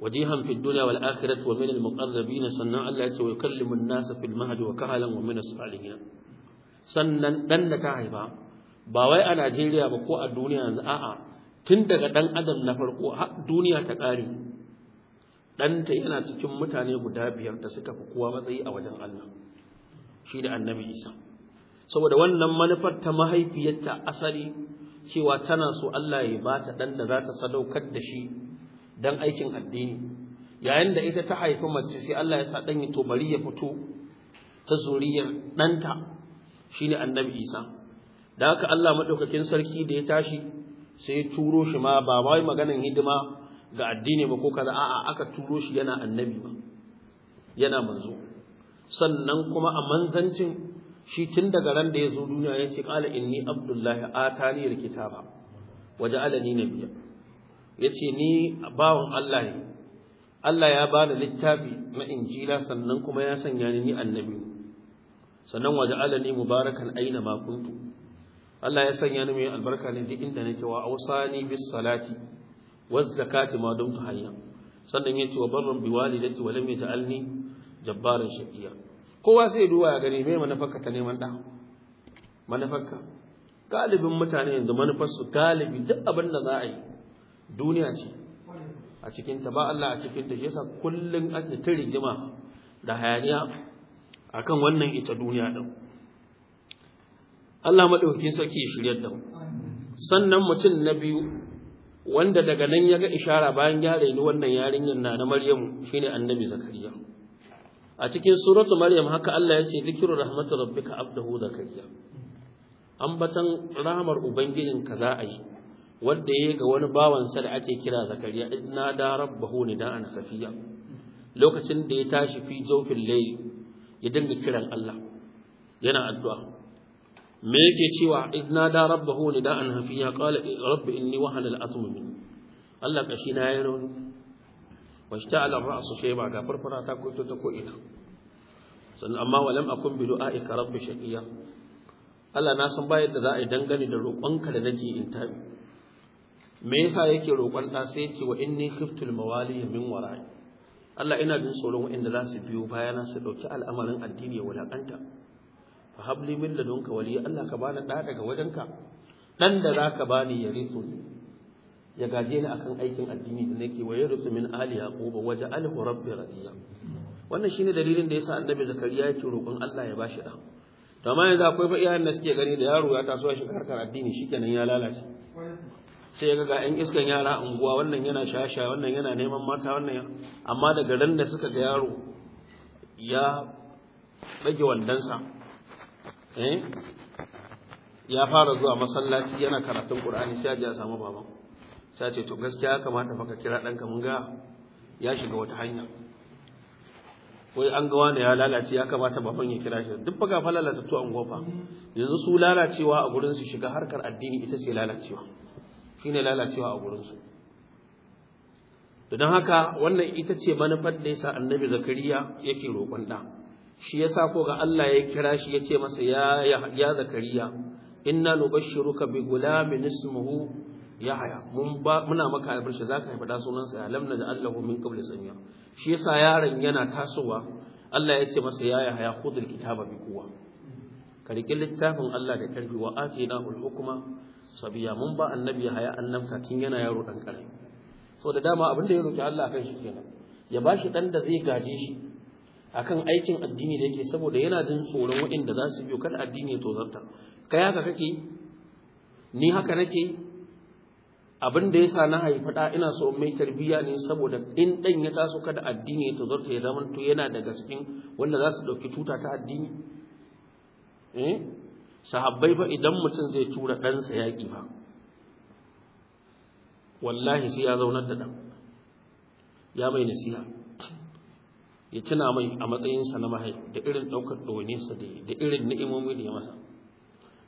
wajihan fi duniya wal akhirati wa min al muqarrabin sannan Allah ya ce wa yukallimu an-nas fil mahd wa kahalan wa min as-salihin sannan dan da ta haifa ba wai a Najeriya ba ko a duniya yanzu a'a tun daga ɗan adam na farko duniya ta ƙare ɗanta yana cikin mutane guda biyar da suka fi kowa matsayi a wajen Allah shi da annabi isa saboda wannan manufar ta mahaifiyarta asali cewa tana so Allah ya ba ta ɗan da za ta sadaukar da shi don aikin addini yayin da ita ta haifi mace sai Allah ya sa ɗan ya tobari ya fito ta zuriyar ɗanta shi ne annabi isa da haka Allah maɗaukakin sarki da ya tashi sai turo shi ma ba wai maganan hidima ga addini ba ko kaza a'a aka turo shi yana annabi ba yana manzo sannan kuma a manzancin shi tun daga ran da ya zo duniya ya ce qala inni abdullahi atani alkitaba waja'alani nabiyya yace ni bawon Allah ne Allah ya bani littafi na injila sannan kuma ya sanya ni annabi sannan waja'alani mubarakan aina ma kuntu Allah ya sanya ni mai albarka ne duk inda nake wa ausani bis salati waz zakati ma dumtu hayya sannan yace wa barran bi walidati wa lam yata'alni jabbaran shaqiya kowa sai duwa ya gani me manufarka ta neman da manufarka galibin mutane yanzu manufarsu galibi duk abin da za a yi duniya ce a cikin ta ba Allah a cikin ta yasa kullun ake ta rigima da hayaniya akan wannan ita duniya din Allah maɗaukakin sarki ya shiryar da mu sannan mutum na biyu wanda daga nan ya ga ishara bayan ya raini wannan yarinyar na na Maryamu shine Annabi Zakariya a cikin suratu Maryam haka Allah ya ce rahmatu rahmatir rabbika abdahu zakariya ambatan rahmar ka za a yi wanda yayi ga wani bawan sa da ake kira Zakariya inna da rabbahu nida'an safiya lokacin da ya tashi fi jawfil layl ya dinga kiran Allah yana addu'a me yake cewa ina da rabbahu nida'an hafiya qala rabbi inni wahana al'azmu min Allah kashi na yi rauni washta'ala ra'su shayba ga farfara ta ko ta ko ina sannan amma walam akun bi du'aika rabbi shaqiya Allah na san bayar da za a yi dangane da roƙonka da nake in tabi me yasa yake roƙon ɗa sai ce wa inni khiftul mawali min wara'i Allah ina jin tsoron waɗanda za su biyo bayana su ɗauki al'amarin addini ya wulaƙanta fa habli min ladunka wali Allah ka bani da daga wajenka dan da zaka bani ya ni, ya gaje ni akan aikin addini da nake wa ya min ali yaquba waja rabbi radiya wannan shine dalilin da yasa annabi zakariya yake roƙon Allah ya bashi da to amma yanzu akwai fa iyayen da suke gani da yaro ya taso shi harkar addini shikenan ya lalace sai ya ga ‘yan iskan yara unguwa wannan yana shasha wannan yana neman mata wannan amma daga ran da suka ga yaro ya rage wandansa Eh? ya fara zuwa masallaci yana karatun Qur'ani sai ya samu baban sai ce to gaskiya ya kamata fa kira ɗanka mun ga ya shiga wata hanya wai an ga wani ya lalace ya kamata baban ya kira shi duk baka fa lalata to an gofa yanzu su lalacewa a gurin su shiga harkar addini ita ce lalacewa shine lalacewa a gurin su don haka wannan ita ce manufar da yasa annabi zakariya yake roƙon da shi yasa ko ga Allah ya kira shi ya ce masa ya ya zakariya inna nubashshiruka bi gulamin ismuhu yahya mun muna maka albarshi zaka haifa da sunan sa lam na Allahu min qabl sanya shi yasa yaron yana tasowa Allah ya ce masa ya yahya khudul kitaba bi quwwa ka riƙi littafin Allah da karfi wa atinahu al-hukma sabiya mun ba annabi haya annabta tun yana yaro dan karami so da dama abin da ya roki Allah kan shi kenan ya bashi dan da zai gaje shi akan aikin addini da yake saboda yana jin tsoron waɗanda za su biyo kada addini ya tozarta kai haka kake ni haka nake abin da yasa na haifa da ina so mai tarbiyya ne saboda in dan ya taso kada addini ya tozarta ya zama to yana daga cikin wanda za su dauki tuta ta addini eh sahabbai ba idan mutum zai tura ɗansa yaƙi ba wallahi sai ya zaunar da ɗan ya mai nasiha ya tuna mai a matsayinsa na mahai da irin ɗaukar ɗoninsa da da irin ni'imomi da ya masa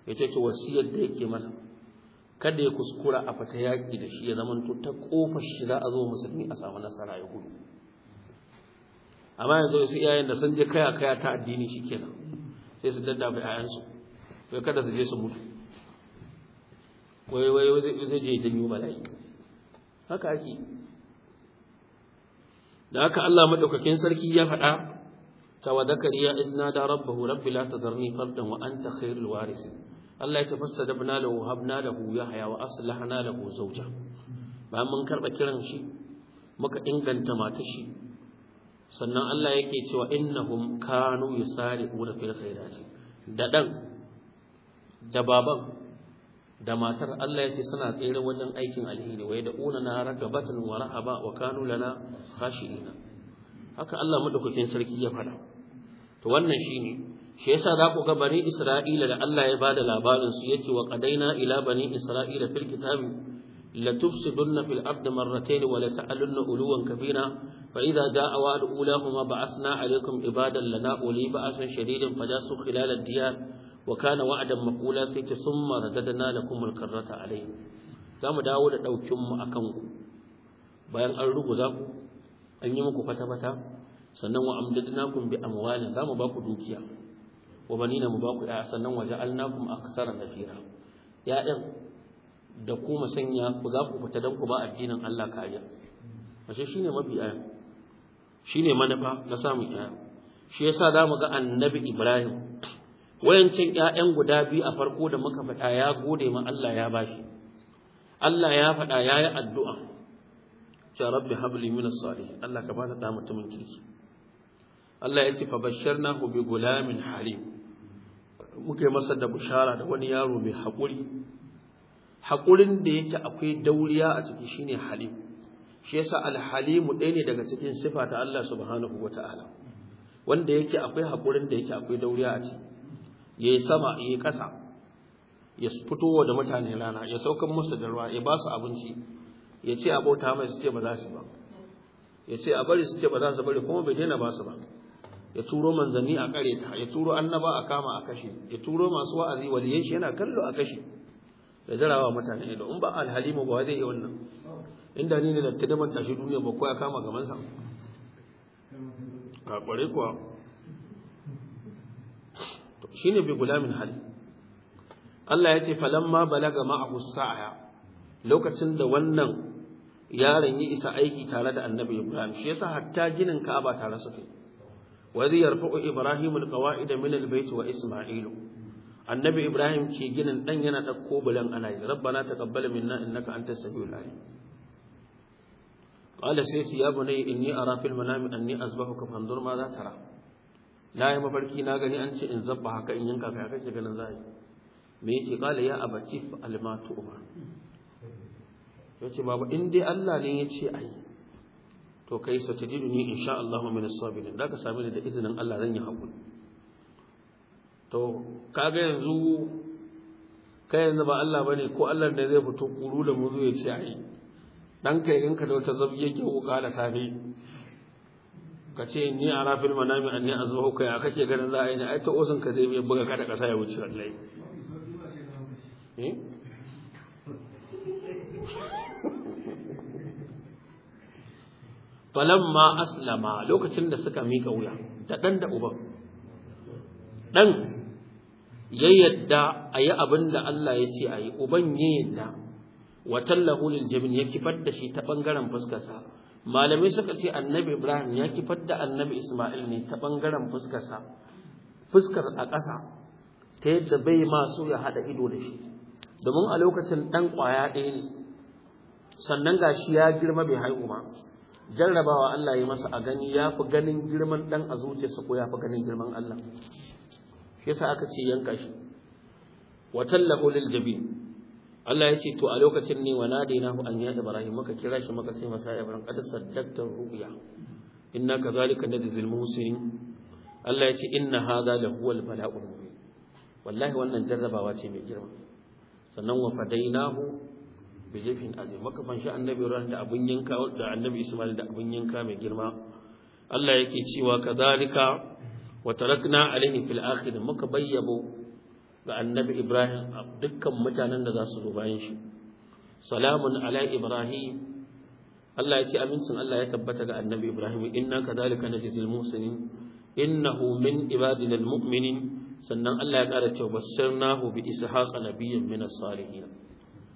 ya ce ce wasiyar da yake masa kada ya kuskura a fata yaƙi da shi ya zama ta ƙofar shi za a zo musulmi a samu nasara ya gudu amma yanzu su iyayen da sun je kaya kaya ta addini shi kenan sai su daddafa 'ya'yansu sai kada su je su mutu wai wai zai je janyo malayi, haka ake da haka Allah madaukakin sarki ya faɗa tawa zakariya in da rabbahu rabbi la tadarni fardan wa anta khairul warisin Allah ya tafassa da bana lahu habna lahu yahya wa da lahu zawja ba mun karba kiran shi muka inganta matar shi sannan Allah yake cewa innahum kanu ya fil khairati da dan da baban da matar Allah ya ce suna tsere wajen aikin alheri wai da una na ragabatan wa rahaba wa kanu lana khashiina haka Allah madaukakin sarki ya faɗa to wannan shine shi yasa za ku ga bani Isra'ila da Allah ya bada labarin su yace wa qadaina ila bani Isra'ila fil kitabi la tufsiduna fil ardi marratayn wa la ta'alunna uluwan kabira fa idza jaa wa'd ulahuma ba'athna alaykum ibadan lana uli ba'asan shadidan fajasu khilal ad-diyar wa kana wa'adan maqula sai ki summa radadna lakum al-karrata alayhi zamu dawo da daukin mu akan ku bayan an ruguza ku an yi muku fata fata sannan wa amdadnakum bi amwalin zamu ba ku dukiya wa banina mu ba ku ya sannan wa ja'alnakum aksara nafira ya'yan da ku masanya ku za ku fita dan ku ba addinin Allah kariya ashe shine mafi aya shine manufa na samun aya shi yasa zamu ga annabi Ibrahim wayancin ƴaƴan guda biyu a farko da muka faɗa ya gode ma Allah ya bashi Allah ya faɗa ya yi addu'a ya rabbi habli min as Allah ka bani da mutumin kirki Allah ya ce fa na bi gulamin halim muka yi masa da bushara da wani yaro mai haƙuri haƙurin da yake akwai dauriya a ciki shine halim shi yasa alhalimu ɗaya ne daga cikin sifa ta Allah subhanahu wata'ala wanda yake akwai haƙurin da yake akwai dauriya a ciki ya yi sama ya yi ƙasa ya fito da mutane rana ya saukan musu da ruwa ya ba su abinci ya ce a bauta mai su ce ba za su ba ya ce a bari su ce ba za su bari kuma bai daina ba su ba ya turo manzanni a ƙare ta ya turo annaba a kama a kashe ya turo masu wa'azi wa shi yana kallo a kashe ya jarawa mutane ido in ba alhalimu ba zai yi wannan inda ni ne da ta tashi duniya ba kowa ya kama gamansa sa ka kware kuwa shine bi gulamin hali Allah ya ce falamma balaga ma'ahu sa'ya lokacin da wannan yaron ya isa aiki tare da annabi Ibrahim shi yasa hatta ginin Ka'aba tare suka yi wa Ibrahim alqawaid min albayt wa Isma'ilu annabi Ibrahim ke ginin dan yana dauko bulan ana yi rabbana taqabbal minna innaka antas samiul alim قال سيتي يا بني إني أرى في المنام أني أذبحك فانظر ماذا ترى na yi mafarki na gani an ce in zabba haka in yanka kai shiga nan za yi me yace kala ya abati fa'al ma tu'mar yace babu in dai Allah ne yace yi. to kai sa tajiduni insha Allah min as-sabirin da ka sami da izinin Allah zan yi hakuri to kaga yanzu kai yanzu ba Allah bane ko Allah ne zai fito kuru da mu zuwa ce yi. dan kai ganka da wata zabi yake ko kala safe ka ce ni a rafil manami an ne a zuwa kai a kake ganin za a yi ne ai ta osin ka zai buga ka da ƙasa ya wuce eh? Falon ma aslama lokacin da suka mika wuya da ɗan da uban ɗan ya yadda a yi abin da Allah ya ce a yi uban ya yadda wa tallahu lil ya kifar da shi ta ɓangaren fuskarsa malamai suka ce annabi ibrahim ya ki da annabi isma'il ne ta ɓangaren fuskarsa fuskar a ƙasa ta yadda bai masu ya haɗa ido da shi domin a lokacin ɗan ƙwaya ɗaya ne sannan ga shi ya girma bai haihu ba jarrabawa Allah ya masa a gani ya fi ganin girman ɗan a zuciyarsa ko ya fi ganin girman Allah shi yasa aka ce yanka shi wa lil jabin Allah ya ce to a lokacin ne wana wa nadainahu an ya Ibrahim maka kira shi muka ce masa Ibrahim qad saddaqta ru'ya inna kadhalika najzil muhsinin Allah ya ce inna hadha la huwa al bala'ul mubin wallahi wannan jarrabawa ce mai girma sannan wa fadainahu bi jifin azim muka fanshi annabi Ibrahim da abun yanka da annabi Ismail da abun yanka mai girma Allah yake cewa kadhalika wa tarakna alaihi fil akhir muka bayyabo ga annabi Ibrahim a dukkan mutanen da za su zo bayan shi salamun ala Ibrahim Allah ya ce amincin Allah ya tabbata ga annabi Ibrahim inna kadhalika najzil muhsinin innahu min ibadinal almu'minin sannan Allah ya ƙara cewa basirnahu bi ishaqa nabiyyan min as-salihin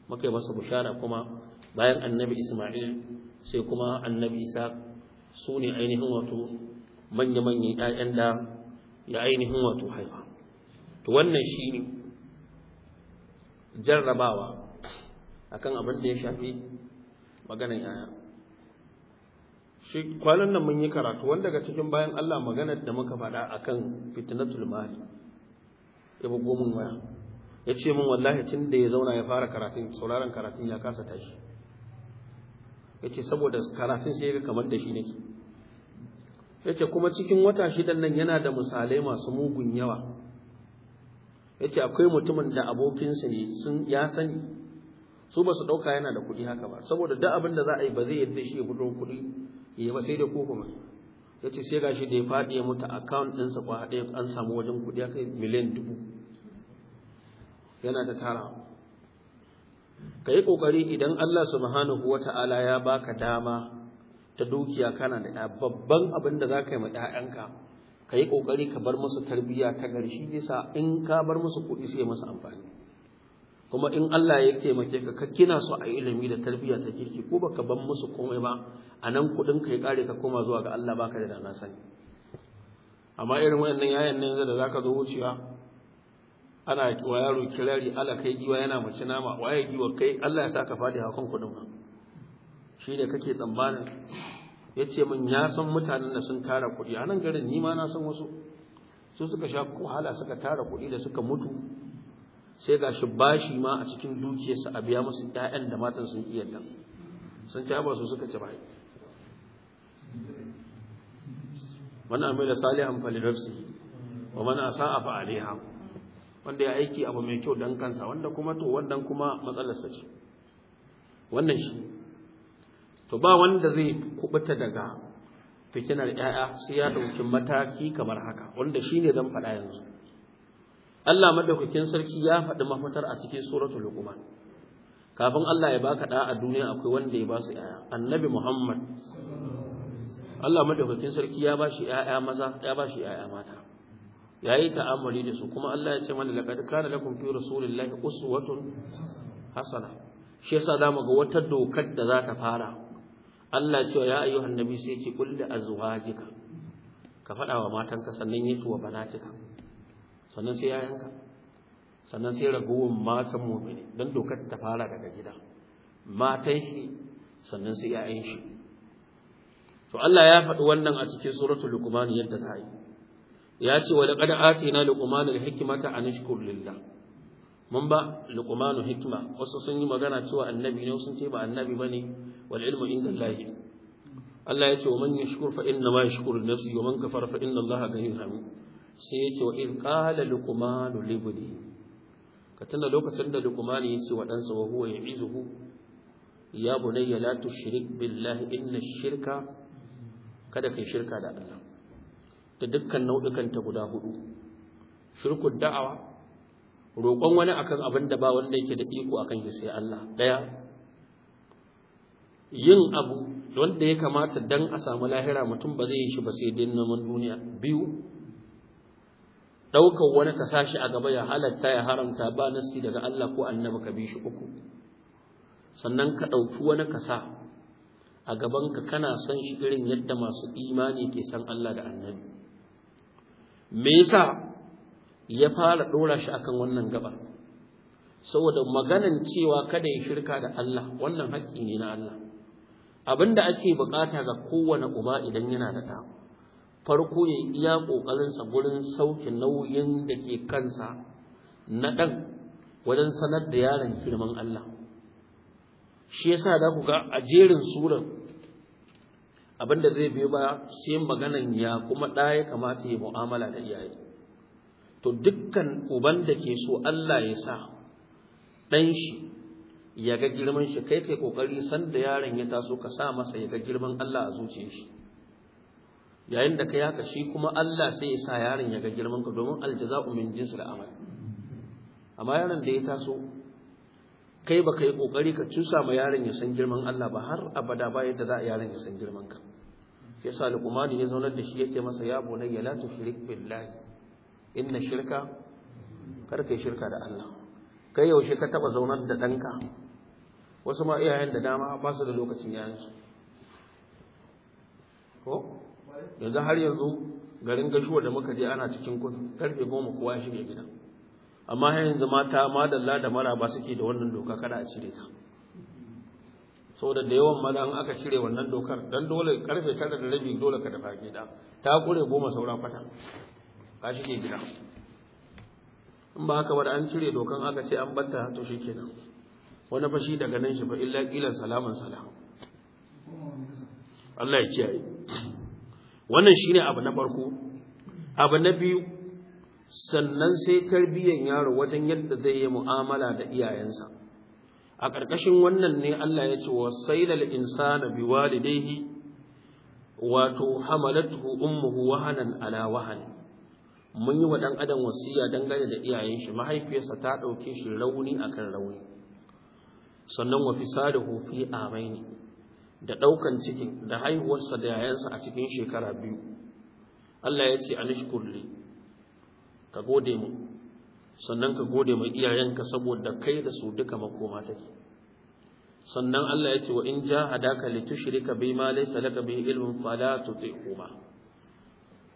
muka yi masa bushara kuma bayan annabi Isma'il sai kuma annabi Isa su ne ainihin wato manya-manyan 'ya'yan da ya ainihin wato haifa to wannan shi ne jarrabawa akan abin da ya shafi maganar yaya shi kwanan nan mun yi karatu wanda daga cikin bayan Allah maganar da muka faɗa akan fitnatul mali ya bugo mun waya ya ce min wallahi tun da ya zauna ya fara karatun sauraron karatun ya kasa tashi ya ce saboda karatun sai ga kamar da shi nake ya ce kuma cikin wata shidan nan yana da misalai masu mugun yawa yace akwai mutumin da abokinsa ne sun ya sani su ba su dauka yana da kuɗi haka ba saboda duk abin da za a yi ba zai yadda shi ya fito kuɗi ya ba sai da ko kuma yace sai gashi da ya faɗi ya mutu account ɗinsa kwa ɗaya an samu wajen kuɗi akai miliyan dubu yana da tara ka yi ƙoƙari idan Allah subhanahu wa ta'ala ya baka dama ta dukiya kana da babban abin da za ka yi ma ‘ya'yanka ka yi ƙoƙari ka bar musu tarbiyya ta ƙarshe nisa in ka bar musu kuɗi sai musu amfani kuma in Allah ya taimake ka ka kina su a ilimi da tarbiyya ta kirki ko baka bar musu komai ba a nan kuɗin ka yi ƙare ka koma zuwa ga Allah baka da dana sani amma irin wayannan yayan nan da zaka zo wucewa ana wa yaro kirari ala kai giwa yana mace nama waye giwa kai Allah ya saka fadi hakan kuɗin ma shi ne kake tsammanin ya ce min ya san mutanen da sun tara kuɗi a nan garin ni ma na san wasu su suka sha wahala suka tara kuɗi da suka mutu sai ga shi bashi ma a cikin dukiyarsa a biya musu ɗayan da matan sun iya dan sun ci ba su suka ci bai man da salihan falinafsi wa sa a fa alaiha wanda ya aiki abu mai kyau dan kansa wanda kuma to wannan kuma matsalarsa ce wannan shi to ba wanda zai kubuta daga fitinar 'ya'ya sai ya ɗauki mataki kamar haka wanda shine zan faɗa yanzu Allah madaukakin sarki ya faɗi mafitar a cikin suratul luqman kafin Allah ya baka da a duniya akwai wanda ya ba su ƴaƴa annabi Muhammad Allah madaukakin sarki ya bashi ƴaƴa maza ya bashi ƴaƴa mata yayi ta'amuli da su kuma Allah ya ce mana laqad kana lakum fi rasulillahi uswatun hasana shi yasa zamu ga wata dokar da za ta fara Allah cewa ya wannan nabi sai ce kulli azwajika ka faɗa wa matan ka sannan yace wa banatika sannan sai yayanka sannan sai ragowar matan mu'mini dan dokar ta fara daga gida matan shi sannan sai yayan shi to Allah ya faɗi wannan a cikin suratul luqman yadda ta yi ya ce wa laqad atina luqman al-hikmata an ashkur lillah mun ba luqmanu hikma wasu sun yi magana cewa annabi ne sun ce ba annabi bane wal ilmu inda Allah Allah ya ce wa man yashkur fa inna ma yashkuru nafsi wa man kafara fa inna Allah ghaniyun hamid sai ya ce wa in qala luqman li ibni ka tunda lokacin da luqman ya ce wa dan sa wa huwa ya'izuhu ya bunayya la tushrik billahi inna ash-shirka kada kai shirka da Allah da dukkan nau'ukan ta guda hudu shirku da'a roƙon wani akan abin da ba wanda yake da iko akan shi sai Allah ɗaya. yin abu wanda ya kamata dan a samu lahira mutum ba zai yi shi ba sai din naman duniya biyu ɗaukar wani ka sashi a gaba ya halatta ya haramta ba nasi daga Allah ko annabi ka bi shi uku sannan ka ɗauki wani ka sa a ka kana son shi irin yadda masu imani ke san Allah da annabi me yasa ya fara ɗora shi akan wannan gaba? saboda maganan cewa kada ya shirka da Allah wannan haƙƙi ne na Allah Abin da ake bukata ga kowane uba idan yana da ɗa farko ya iya ƙoƙarinsa gurin sauke nauyin da ke kansa na ɗan wajen sanar da yaron girman Allah shi yasa za ku ga a jerin surar abinda zai biyo ba sai maganan ya kuma ɗa ya kamata ya mu'amala da iyaye to dukkan uban da ke so Allah ya sa ɗan shi ya ga girman shi kai kai kokari sanda yaron ya taso ka sa masa ya ga girman Allah a zuciyar shi yayin da kai haka shi kuma Allah sai ya sa yaron ya ga girman ka domin aljaza'u min jinsil amma yaron da ya taso kai baka yi kokari ka cusa ma yaron ya san girman Allah ba har abada ba yadda za a yaron ya san girman ka sai sa ya zaunar da shi yace masa ya bunayya la tushrik billahi inna shirka kar kai shirka da Allah kai yaushe ka taba zaunar da danka wasu ma iyayen da dama ba su da lokacin yayansu ko yanzu har yanzu garin gashuwa da muka je ana cikin kun karfe goma kowa ya shirya gida amma har yanzu mata madalla da mara ba suke da wannan doka kada a cire ta saboda da yawan maza in aka cire wannan dokar dan dole karfe tara da rabi dole ka tafi gida ta kure goma saura kwata ka shige gida in ba haka ba da an cire dokan aka ce an batta to shikenan wani fashi daga nan shi fa illa ƙilan salaman salam Allah ya kiyaye wannan shine abu na farko abu na biyu sannan sai tarbiyyar yaro wajen yadda zai yi mu'amala da iyayensa a ƙarƙashin wannan ne Allah ya ce wasailal insana walidai wato hamalatuhu ummuhu wahanan ala wahanin mun yi wa ɗan adam wasiya dangane da iyayen shi mahaifiyarsa ta ɗauke shi rauni akan rauni sannan wa da fi amaini da daukan cikin da haihuwarsa da yayansa a cikin shekara biyu Allah ya ce anishkurli ka gode mu sannan ka gode mai iyayenka saboda kai da su duka makoma take sannan Allah ya ce wa in ja jahadaka litushrika ma laysa laka bihi ilmun fala koma.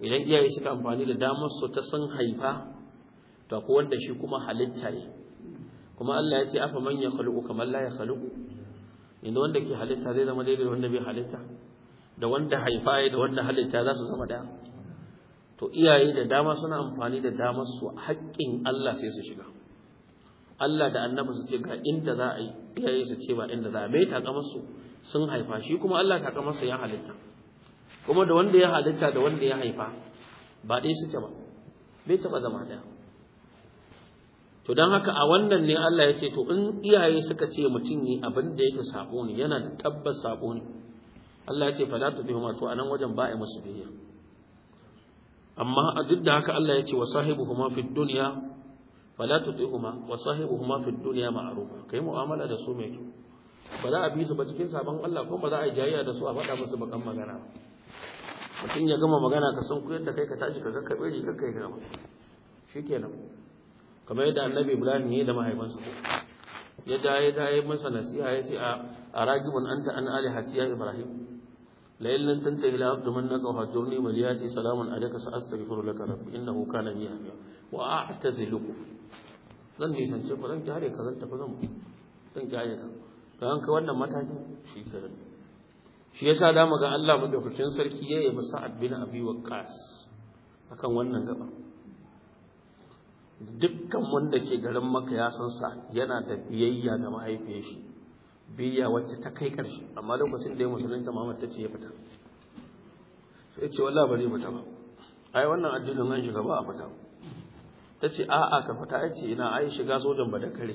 idan iyaye suka amfani da damar su ta san haifa to ko wanda shi kuma halitta ne kuma Allah ya ce afa man ya khaluqu kamar la ya khaluqu inda wanda ke halitta zai zama daidai wanda bai halitta da wanda haifa da wanda halitta za su zama da to iyaye da dama suna amfani da damar su haƙƙin Allah sai su shiga Allah da annabi su ce ga inda za a yi iyaye su ce ba inda za a mai taƙa masu sun haifa shi kuma Allah taƙa sa ya halitta kuma da wanda ya halitta da wanda ya haifa ba ɗaya suke ba bai taɓa zama ɗaya to don haka a wannan ne Allah ya ce to in iyaye suka ce mutum yi abin da yake sabo ne yana da tabbas sabo ne Allah ya ce fa la tubihuma to anan wajen ba ai musu biyayya amma a duk da haka Allah ya ce wa sahibuhuma fid dunya fa la tubihuma wa sahibuhuma fid dunya ma'rufa kai mu'amala da su mai kyau ba za a bi su ba cikin sabon Allah ko ba za a yi jayayya da su a faɗa musu bakan magana mutum ya gama magana ka san ku yadda kai ka tashi ka kakkaɓe rigar kai gama shikenan kamar yadda annabi ibrahim ya yi da mahaifansa ya da ya da masa nasiha ya ce a ragibin anta an alihati ya ibrahim la illan tanta ila abdu man naka wa hajurni mal yati salamun alayka sa astaghfiru laka rabbi innahu kana bi hafiya wa a'taziluku zan nisance ku zan kyare ka zan tafi zan zan kyare ka ka an kai wannan matakin shi ke shi yasa da mu ga Allah madaukakin sarki yayi masa abin abi waqas akan wannan gaba dukkan wanda ke garin maka ya san sa yana da biyayya ga mahaifiyar shi biyayya wacce ta kai ƙarshe amma lokacin da ya ta mamar ta ce ya fita Ya ce wallahi bari mu ba ai wannan addinin an shiga ba a fita ta ce a'a ka fita ya ce ina ai shiga sojan ba da kare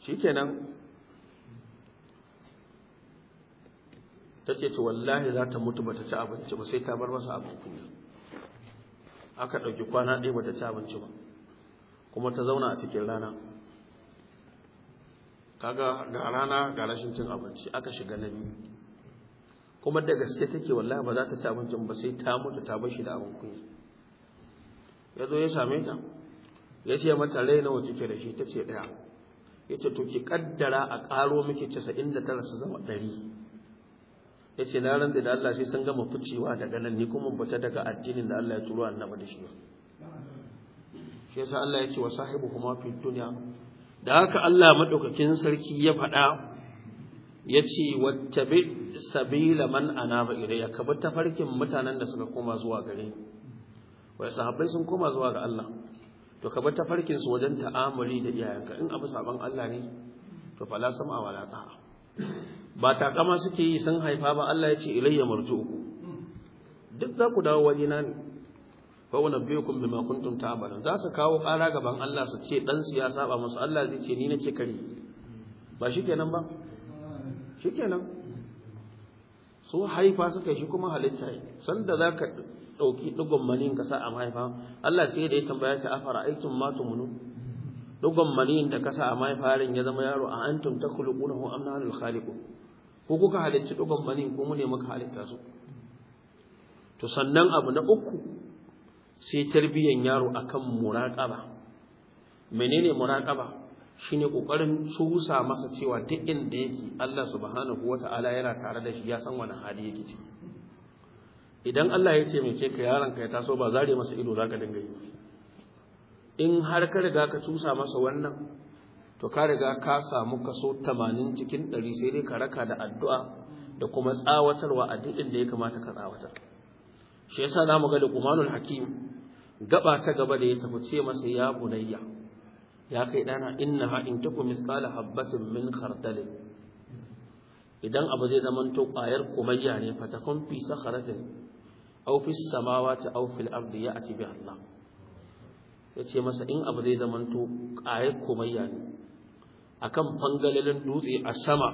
shikenan ta ce ta wallahi za ta mutu ba ta ci abinci ba sai ta bar masa abin kunya aka ɗauki kwana ɗaya bata ci abinci ba kuma ta zauna a cikin rana kaga ga rana ga rashin cin abinci aka shiga na biyu kuma da gaske take wallahi ba za ta ci abincin ba sai ta mutu ta bar shi da abin kunya ya zo ya same ta ya ce mata rai nawa kike da shi ta ce ɗaya ya ce to ki kaddara a ƙaro miki casa'in da tara su zama ɗari ya ce na ran da Allah sai sun gama ficewa daga nan ni kuma bata daga addinin da Allah ya turo annaba da shi ba shi yasa Allah ya ce wa sahibu kuma fi dunya da haka Allah madaukakin sarki ya faɗa ya ce wattabi sabila man anaba ilayya ka bi tafarkin mutanen da suka koma zuwa gare wai sahabbai sun koma zuwa ga Allah to ka bi tafarkin su wajen ta'amuli da iyayenka in abu saban Allah ne to fala sama wala ta'a ba takama suke yi sun haifa ba Allah ya ce ilayya uku. duk za ku dawo wani na ne fa kun bi makuntun kuntum ta'malun za su kawo ƙara gaban Allah su ce dan su ya saba musu Allah zai ce ni na ke kare ba shi kenan ba kenan su haifa suka shi kuma halitta sanda zaka dauki dugun malin ka sa a mahaifa Allah sai da ya tambaya ta afara aitum ma tumunu dugun malin da ka sa a mahaifarin ya zama yaro a antum takhluqunahu am nahnu al-khaliqun ko kuka halicci dukan bani ko mu ne muka halitta su to sannan abu na uku sai tarbiyan yaro akan muraqaba menene muraqaba shine kokarin tsusa masa cewa duk inda yake Allah subhanahu wata'ala yana tare da shi ya san wani hali yake ciki idan Allah ya ce mece ka yaron ka ya taso ba zare masa ido zaka dinga yi in har ka riga ka tusa masa wannan to ka riga ka samu kaso 80 cikin 100 sai dai ka raka da addu'a da kuma tsawatarwa a duk inda ya kamata ka tsawatar shi yasa zamu ga Luqmanul Hakim gaba ta gaba da ya tafi ce masa ya bunayya ya kai dana ha in taku misqala habbatin min khardal idan abu zai zama to ƙwayar kumayya ne fa ta kun fi sakharatin aw fi samawati aw fil ardi ya'ti bi Allah yace masa in abu zai zama to ƙwayar kumayya ne akan bangalalin dutse a sama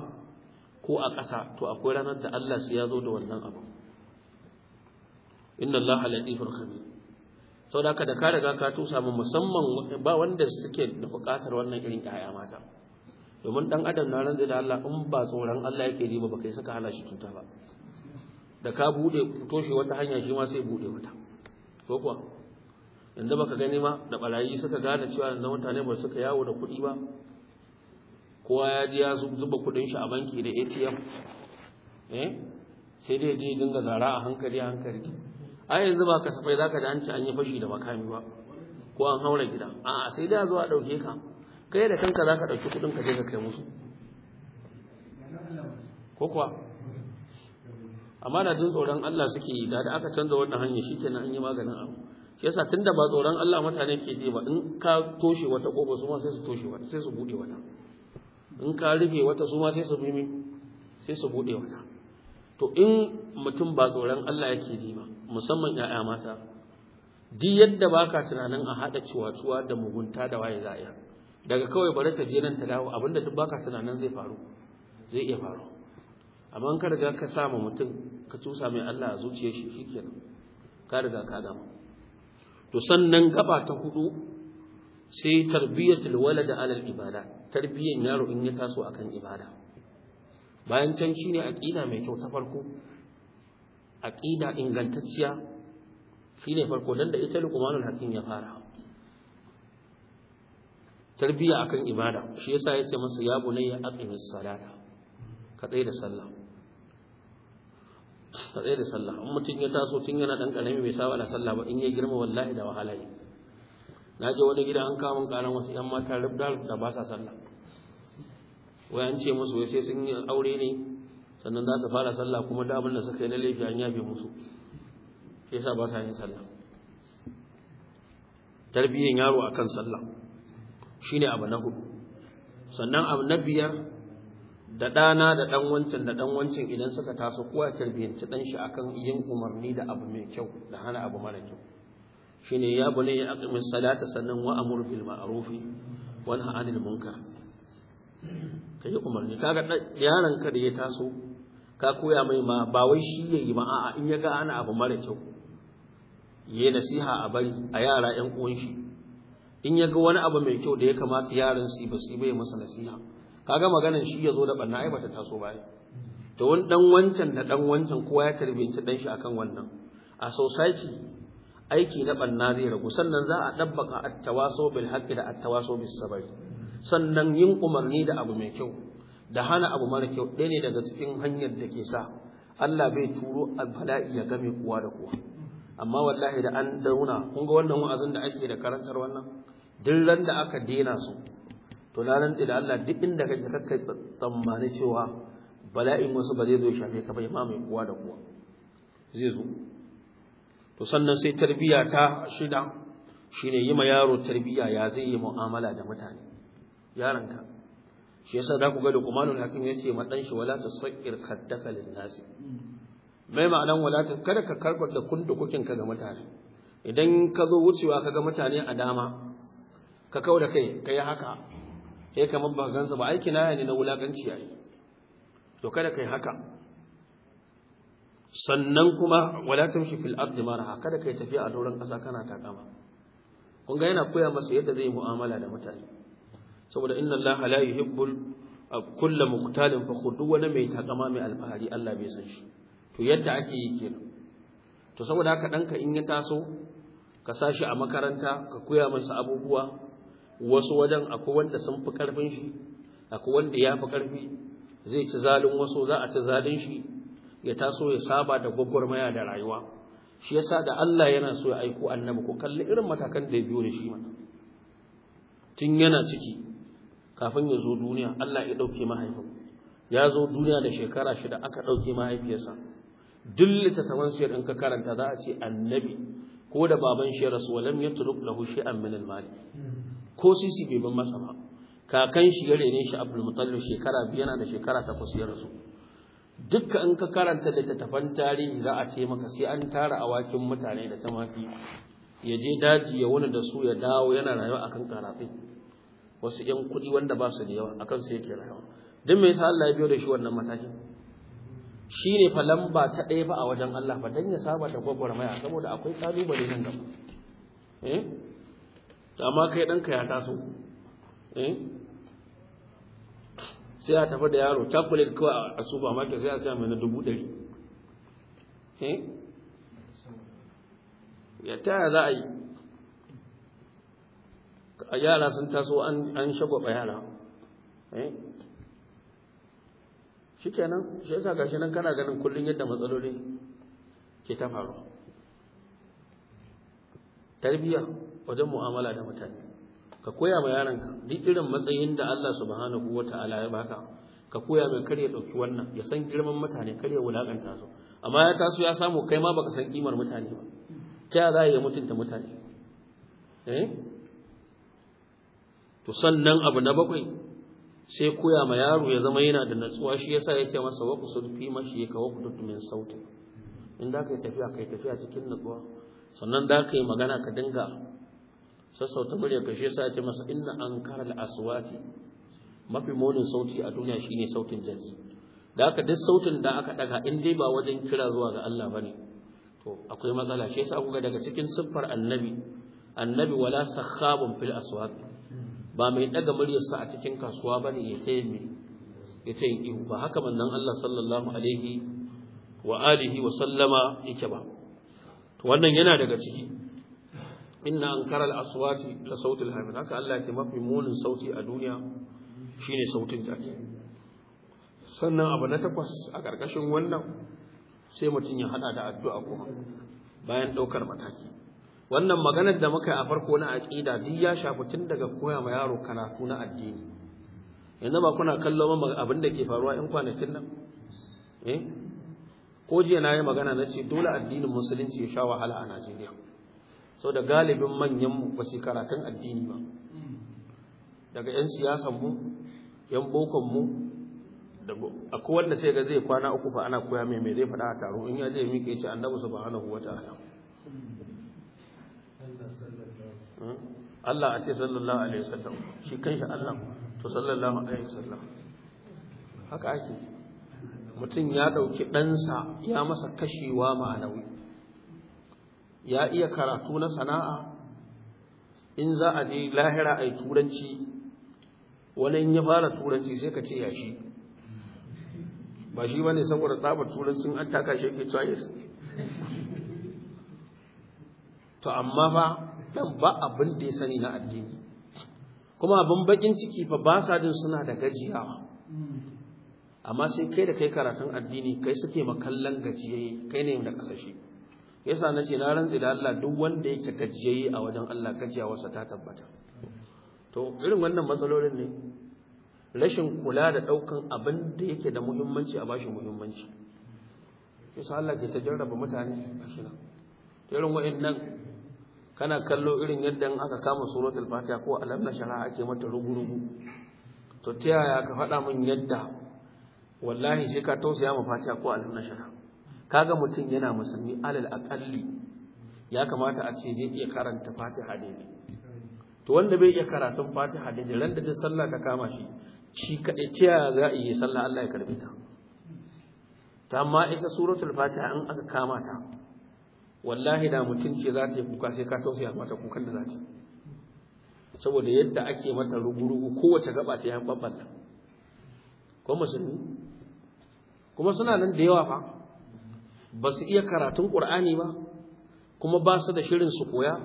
ko a ƙasa to akwai ranar da Allah sai ya zo da wannan abu inna Allah latifur khabir sau da da ka riga ka tusa mu musamman ba wanda suke da buƙatar wannan irin ƴaƴa mata domin dan adam na ran da Allah in ba tsoron Allah yake riba ba kai saka hana shi cuta ba da ka bude toshe wata hanya shi ma sai bude wata ko kuwa yanzu baka gani ma da barayi suka gane cewa yanzu mutane ba suka yawo da kuɗi ba kowa ya ji ya zuba kudin shi a banki da atm eh sai dai je dinga zara a hankali a hankali a yanzu ba kasafai ka da an ci an yi fashi da makami ba ko an haura gida a'a sai dai a zo a dauke ka kai da kanka ka dauki kudin ka je ka kai musu ko kuwa amma da jin tsoron Allah suke yi da aka canza wannan hanya shikenan an yi maganin abu shi yasa tunda ba tsoron Allah mutane ke ji ba in ka toshe wata kofa su ma sai su toshe wata sai su bude wata in ka rufe wata su ma sai su bi sai su buɗe wata to in mutum ba tsoron Allah yake ji ba musamman 'ya'ya mata di yadda baka tunanin a haɗa ciwatuwa da mugunta da waye za'a daga kawai bari ta je nan ta dawo abinda duk baka tunanin zai faru zai iya faru amma in ka ka samu mutum ka cusa mai Allah a zuciyar shi shikenan ka riga ka gama to sannan gaba ta hudu sai tarbiyatul walada alal ibada. tarbiyyar yaro in ya taso akan ibada bayan can shine aqida mai kyau ta farko aqida ingantacciya shine farko dan da ita Luqmanul Hakim ya fara tarbiyya akan ibada shi yasa yace masa ya bunayya aqimis salata ka tsaye da sallah ka tsaye da sallah in mutum ya taso tun yana dan karami bai saba da sallah ba in ya girma wallahi da wahala ne na je wani gida an kawo min karan wasu yan mata rubda da ba sa sallah wayan ce musu wai sai sun yi aure ne sannan za su fara sallah kuma da abin da suka yi na laifi an yafe musu shi yasa ba sa yin sallah Tarbiyyar yaro akan sallah shine abu na hudu sannan abu na biyar da ɗana da ɗan wancan da ɗan wancan idan suka taso kowa tarbiyyanci ɗan shi akan yin umarni da abu mai kyau da hana abu mara kyau shine ya bune ya salata sannan wa amur bil ma'ruf wa nahy anil munkar Ta yi umarni kaga yaron ka da ya taso ka koya mai ma ba wai shi ya yi ma a'a in ya ga ana abu mara kyau ya nasiha a bari a yara yan uwan shi in ya ga wani abu mai kyau da ya kamata yaran su ba su bai masa nasiha kaga maganan shi ya zo da banna ai bata taso ba to wani dan wancan da ɗan wancan kowa ya ta ɗan shi akan wannan a society aiki na banna zai ragu sannan za a dabbaka a tawaso bil haqqi da a tawaso bis sabr sannan yin umarni da abu mai kyau da hana abu mara kyau ɗaya ne daga cikin hanyar da ke sa Allah bai turo a bala'i ya game kuwa da kuwa amma wallahi da an dauna kun ga wannan wa'azin da ake da karantar wannan duk da aka dena su to na rantsi da Allah duk inda kake tsammani cewa bala'in wasu ba zai zo shafe ka bai ma mai kuwa da kuwa zai zo to sannan sai tarbiyya ta shida shine yi ma yaro tarbiyya ya zai yi mu'amala da mutane yaranka shi yasa da ku ga lukmanul Hakim yace ma dan shi wala tusaqqir khaddaka lin nas mai ma'anan wala ta kada ka karkar da kundukukin ka ga mutane idan ka zo wucewa ka ga mutane a dama ka da kai kai haka sai eh, kamar ba gansa ba aiki na ne na wulakanci yayi to kada kai haka sannan kuma wala tamshi fil ardi maraha kada kai tafiya a doron kasa kana takama kun ga yana koya masa yadda zai mu'amala da mutane saboda inna allaha la yuhibbul kullu muqtalin fa duk wani mai takama mai alfahari Allah bai san shi to yadda ake yi kenan to saboda haka danka in ya taso ka sashi a makaranta ka koya masa abubuwa wasu wajen akwai wanda sun fi karfin shi akwai wanda ya fi karfi zai ci zalin wasu za a ci zalin shi ya taso ya saba da gwagwarmaya da rayuwa shi yasa da Allah yana so ya aiko annabi ko kalli irin matakan da ya biyo da shi mana. tun yana ciki kafin ya zo duniya Allah ya ɗauke mahaifin ya zo duniya da shekara shida aka ɗauke mahaifiyarsa duk littattafan siyar in ka karanta za a ce annabi ko da baban shi rasu walam ya turuk lahu shay'an min al-mali ko sisi bai ban masa ba kakan shi ya rene shi Abdul Muttalib shekara biyar da shekara takwas ya rasu Dukka in ka karanta littattafan tarihi za a ce maka sai an tara awakin mutane da tamaki ya je daji ya wani da su ya dawo yana rayuwa akan karatai wasu yan kuɗi wanda ba su da yawa akan su yake rayuwa Don me yasa Allah ya biyo da shi wannan mataki shine fa lamba ta ɗaya ba a wajen Allah fa dan ya saba da gwagwarmaya saboda akwai kalubale nan gaba eh amma kai ɗanka ya taso eh sai a tafi da yaro da kawai a supermarket sai a siya mai na dubu ɗari eh? ya taya za a yi A yara sun taso an shagwaba yara eh? shi kenan shi yasa gashi nan kana ganin kullum yadda matsaloli ke ta faru tarbiyya wajen mu'amala da mutane ka koya ma yaranka duk irin matsayin da Allah subhanahu Ta'ala ya baka ka koya mai kare dauki wannan ya san girman mutane kare wulakanta su amma ya taso ya samu kai ma baka san kimar mutane ba ta ya za ya mutunta mutane eh to sannan abu na bakwai sai koya ma yaro ya zama yana da natsuwa shi yasa yake masa wa kusur fi mashi ka wa kututu min sauti in da ka yi tafiya ka yi tafiya cikin natsuwa sannan da ka yi magana ka dinga sassauta murya ka shi yasa yake masa inna an karal aswati mafi munin sauti a duniya shine sautin jaji da aka duk sautin da aka daga in dai ba wajen kira zuwa ga Allah bane to akwai matsala shi yasa kuga daga cikin siffar annabi annabi wala sakhabun fil aswati ba mai daga muryarsa a cikin kasuwa ba ne ya taya mai ihu ba haka mannan Allah sallallahu alaihi wa alihi wa sallama yake ba wannan yana daga ciki inna ankara al-aswati la sautin hamid haka Allah ke mafi munin sauti a duniya shine sautin jaki sannan abu na takwas a ƙarƙashin wannan sai mutum ya hada da addu'a kuma bayan ɗaukar mataki wannan maganar da muka yi a farko na aqida duk ya shafi tun daga koya ma yaro karatu na addini yanzu ba kuna kallo ba abin da ke faruwa in kwanakin nan eh? ko jiya na yi magana na ce dole addinin musulunci ya sha wahala a najeriya sau da galibin manyan ba su karatun addini ba daga 'yan siyasanmu 'yan bokonmu akwai wanda sai ga zai kwana uku fa ana koya mai mai zai faɗa a taro in ya zai miƙe ce annabi subhanahu wa ta'ala Allah a ce sallallahu alaihi wasallam shi shi Allah to sallallahu alaihi wasallam haka ake mutum ya dauki ɗansa ya masa kashewa ma'anawi ya iya karatu na sana'a in za a je lahira a yi turanci wani in ya fara turanci sai ka ce ya shi ba shi ba ne saboda tsabar turancin an taka shi ke to amma ba Nan ba abin da ya sani na addini kuma abin bakin ciki fa ba sa jin suna da gajiyawa amma sai kai da kai karatun addini kai suke makallan gajiyayi kai ne da kasashe yasa na ce na rantsi da Allah duk wanda yake gajiyayi a wajen Allah gajiyawarsa ta tabbata to irin wannan matsalolin ne rashin kula da ɗaukan abin da yake da muhimmanci a bashi muhimmanci yasa Allah ke ta jarraba mutane a shi nan irin nan kana kallo irin yadda in aka kama suratul fatiha ko alam ake mata rugurugu to ta yaya ka faɗa min yadda wallahi sai ka tausaya ma fatiha ko alam nashara kaga mutum yana musulmi alal aqalli ya kamata a ce zai iya karanta fatiha ne. to wanda bai iya karatun fatiha daidai ran da duk sallah ka kama shi shi kaɗai ta yaya za a yi sallah Allah ya karbe ta ta amma ita suratul fatiha in aka kama ta wallahi da mutunci za ta yi kuka sai ka tausaya mata kukan da za ta saboda yadda ake mata rugurugu kowace gaba ta yan babban babbanna ko musulmi kuma suna nan da yawa fa ba su iya karatun qur'ani ba kuma ba su da shirin su koya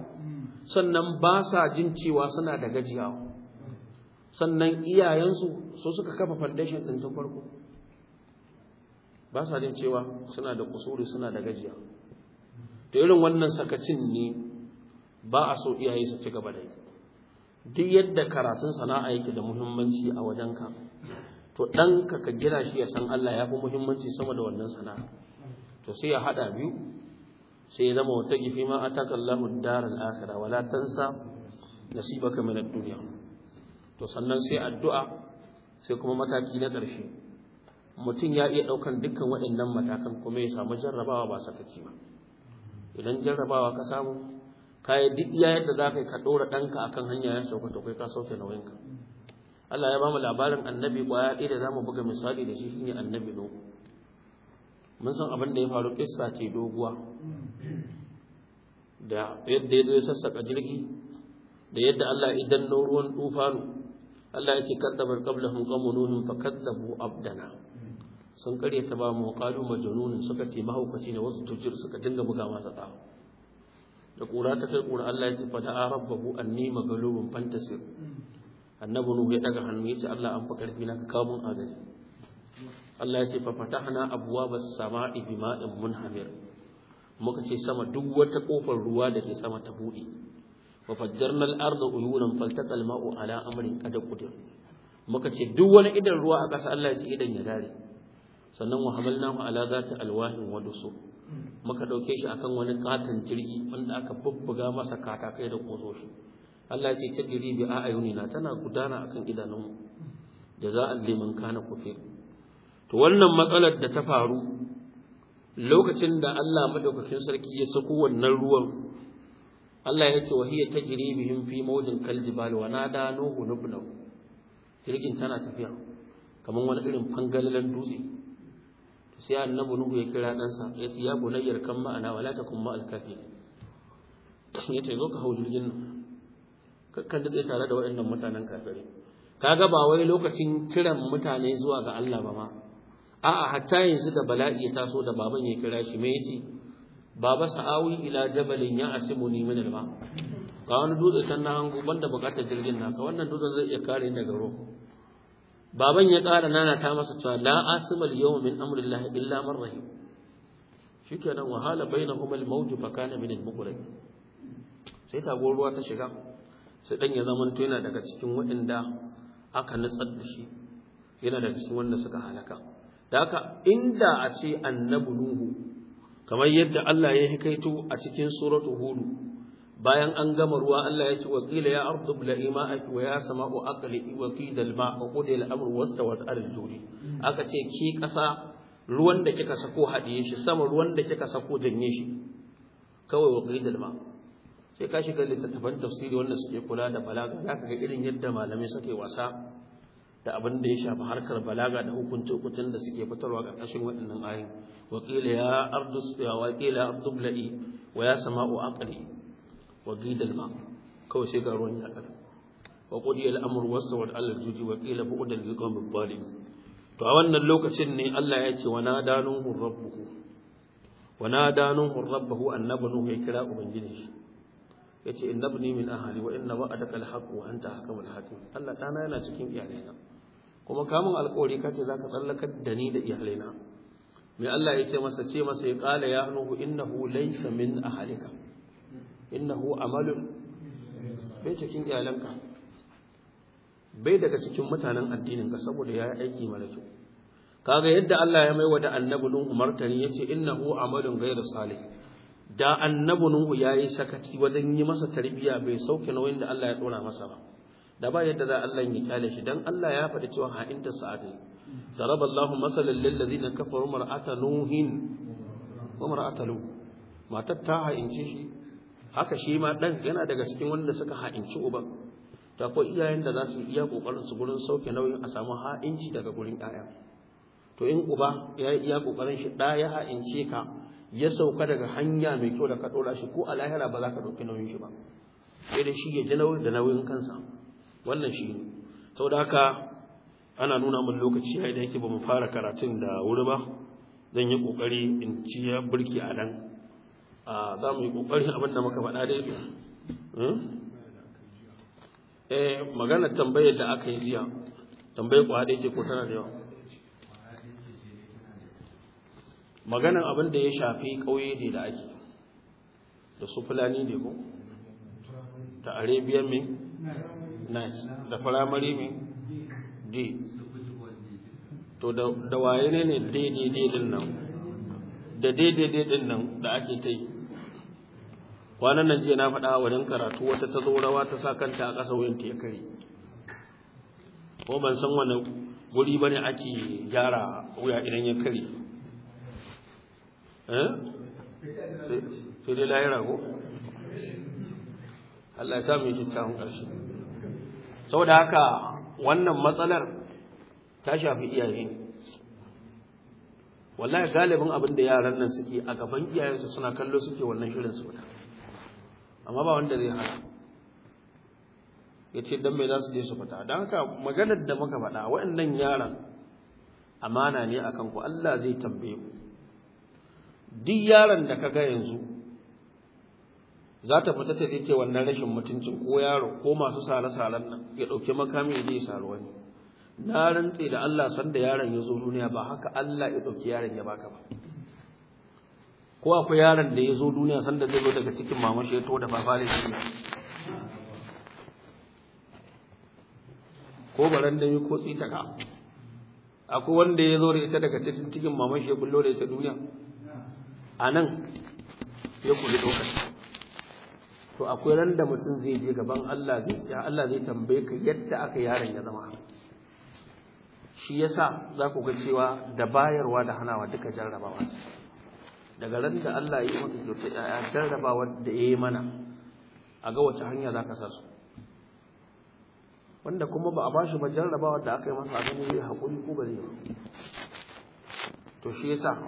sannan ba sa jin cewa suna da gajiyawa sannan iyayensu su suka kafa foundation ɗin tun farko ba sa jin cewa suna da kusuri suna da gajiya. to irin wannan sakacin ne ba a so iyaye su ci gaba da yi duk yadda karatun sana'a yake da muhimmanci a wajenka to ɗanka ka gina shi ya san Allah ya fi muhimmanci sama da wannan sana'a to sai ya haɗa biyu sai ya zama wata gifi ma a taka lamun darar akira wala tansa nasibaka min ad duniya to sannan sai addu'a sai kuma mataki na ƙarshe mutum ya iya ɗaukan dukkan waɗannan matakan kuma ya samu jarrabawa ba sakaci ba idan jarrabawa ka samu kayi duk iya yadda za ka yi ka ɗora ɗanka akan hanya ya sauka to kai ka sauke nauyinka Allah ya ba mu labarin annabi kwaya ɗaya da za mu buga misali da shi shine annabi dogo. mun san abin da ya faru kisa ce doguwa da yadda ya zo ya sassaka jirgi da yadda Allah idan danno ruwan tufano, Allah yake kaddabar qablahum qawmun nuhin kaddabu abdana sun kare ta ba mu qalu majnunun suka ce mahaukaci ne wasu tujir suka dinga buga masa ta da kura ta kai kura Allah ya ce fa da'a rabbahu anni maghlubun fantasir annabi nuhu ya daga hannu ya ce Allah an fa karfi na ka kawo mun agaji Allah ya ce fa fatahna abwabas sama'i bima'in munhamir muka ce sama duk wata kofar ruwa da ke sama ta bude wa fajjarna al-ardu uyunan faltaqa al-ma'u ala amrin qad qadir muka ce duk wani idan ruwa a ƙasa Allah ya ce idan ya dare sannan wa mu ala zati alwahin wa dusu muka dauke shi akan wani katon jirgi wanda aka bubbuga masa katakai da kososhi Allah ya ce ta jiri bi ayunina tana gudana akan mu jaza'an liman kana kufir to wannan matsalar da ta faru lokacin da Allah madaukakin sarki ya saku wannan ruwan Allah ya ce wa hiya tajri bihim fi mawdin kaljibal wa nada nuhu nubnu jirgin tana tafiya kamar wani irin fangalalan dutse sai annabi nuhu ya kira ɗansa ya ce ya bunayyar kan ma'ana wala takum ma'al kafi ya ce zo ka hau jirgin nan da tare da waɗannan mutanen kafirai kaga ba wai lokacin kiran mutane zuwa ga Allah ba ma a'a hatta yanzu da bala'i ya taso da baban ya kira shi me yace baba sa'awi ila jabalin ya asimuni min alma Ka wani dutse can na hango banda bukatar jirgin naka wannan dutsen zai iya kare ni daga ruwa baban ya ƙara nana ta masa cewa la asimal yawm min amrillah illa man rahim shikenan wahala bainahum al mawj fa kana min al mughraq sai tagowar ruwa ta shiga sai dan ya zaman to yana daga cikin waɗanda aka nutsar da shi yana daga cikin wanda suka halaka da haka inda a ce annabi nuhu kamar yadda Allah ya hikaito a cikin suratu hudu bayan an gama ruwa Allah ya ce wa qila ya ardu bla'i ma'aki wa ya sama'u aqli wa qila al-ma'u qudi al-amru wastawat al-juri aka ce ki kasa ruwan da kika sako hadiye shi sama ruwan da kika sako janye shi kawai wa qila al ma'u sai ka shiga littattafan tafsiri wanda suke kula da balaga zaka ga irin yadda malamai suke wasa da abin da ya shafi harkar balaga da hukunci hukuncin da suke fitarwa ƙarƙashin waɗannan ayoyi. wa qila ya ardu ya wa qila ardu bla'i wa ya sama'u aqli wa gidal ma kawai sai ga ruwan ya kada wa qudi al amr juji wa qila bu'dan lil qawmi to a wannan lokacin ne Allah ya ce wa nadanuhu rabbuhu wa ya kira min ahli wa inna wa'adaka al haqq wa anta hakamul hakim Allah dana yana cikin iyalaina kuma kamun alƙawari kace zaka tsallakar da ni da iyalaina mai Allah ya ce masa ce masa ya kala ya nuhu innahu laysa min ahlika innahu amalun bai cikin iyalanka bai daga cikin mutanen addininka saboda yayi aiki mara kyau kaga yadda Allah ya mai da annabi Nuhu martani yace innahu amalun ghairu salih da annabi Nuhu yayi sakati wajen yi masa tarbiya bai sauke nauyin da Allah ya dora masa ba da ba yadda za Allah ya kyale shi dan Allah ya faɗi cewa ha inta sa'ati daraballahu masalan lil ladina kafaru mar'ata nuhin wa mar'ata lut matar ta ce shi haka shi ma ɗan yana daga cikin wanda suka ha'inci uban ta ko iyayen da za su iya ƙoƙarin su gurin sauke nauyin a samu ha'inci daga gurin ɗaya to in uba ya yi iya ƙoƙarin shi ɗa ya ha'ince ka ya sauka daga hanya mai kyau da ka ɗora shi ko a lahira ba za ka ɗauki nauyin shi ba sai da shi ya ji nauyin da nauyin kansa wannan shi ne da haka ana nuna min lokaci ya da yake ba mu fara karatun da wuri ba zan yi ƙoƙari in ci ya burki a nan za mu yi ƙoƙarin abin da muka faɗa dai hmm? eh maganar tambayar da aka yi jiya tambayar ku da yake ko tana da yawa maganar abin da ya shafi ƙauye ne da ake da su fulani ne ko da arabian me nice da firamare me d to da waye ne ne daidai din nan da daidai din nan da ake ta yi kwanan nan jiya na faɗa wajen karatu wata ta zo rawa ta sa kanta a ƙasa wuyanta ya kare ko ban san wani guri ba ne ake gyara wuya idan ya kare eh? sai dai layi rago? Allah ya sa mu kyakkyawan ƙarshe saboda haka wannan matsalar ta shafi iyaye wallahi galibin abin da yaran nan suke a gaban iyayensu suna kallo suke wannan shirin su fita amma ba wanda zai hana yace dan mai za su je su fita dan haka maganar da muka faɗa waɗannan yaran amana ne a kanku. Allah zai tambaye ku duk yaron da ka ga yanzu za ta fita ta je ce wannan rashin mutuncin ko yaro ko masu sare-saren nan ya ɗauki makami ya je ya sare wani na rantse da Allah sanda yaron ya zo duniya ba haka Allah ya ɗauki yaron ya baka ba ko akwai yaron da ya zo duniya sanda zai zo daga cikin shi ya to da ne shi ko baran da yi ko ka, akwai wanda ya zo da ita daga cikin cikin shi ya bullo da ita duniya a nan ya kuli ɗaukar to akwai ran da mutum zai je gaban Allah zai tsaya Allah zai tambaye ka yadda aka yaron ya zama shi yasa za ku ga cewa da bayarwa da hanawa duka jarrabawa ce daga ran da Allah ya yi maka kyauta ya jarraba wanda ya yi mana a ga wace hanya za ka sa su wanda kuma ba a ba shi ba jarraba wanda aka yi masa a gani zai haƙuri ko ba zai ba to shi yasa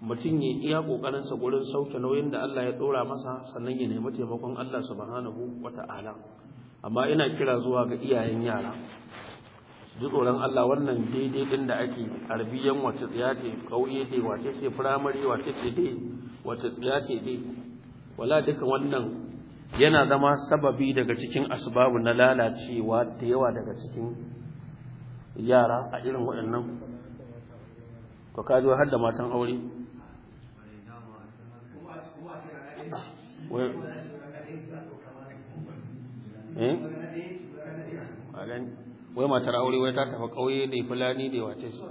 mutum ya iya ƙoƙarinsa gurin sauke nauyin da Allah ya ɗora masa sannan ya nemi taimakon Allah su wata ala, amma ina kira zuwa ga iyayen yara ji tsoron Allah wannan daidai din da ake arbiyan wace tsiya ce kauye dai wace ce firamare wace ce dai wace tsiya ce dai wala duka wannan yana zama sababi daga cikin asbabu na lalacewa da yawa daga cikin yara a irin waɗannan to kaji har da matan aure eh wai matar aure wai ta tafi ƙauye da fulani da wace su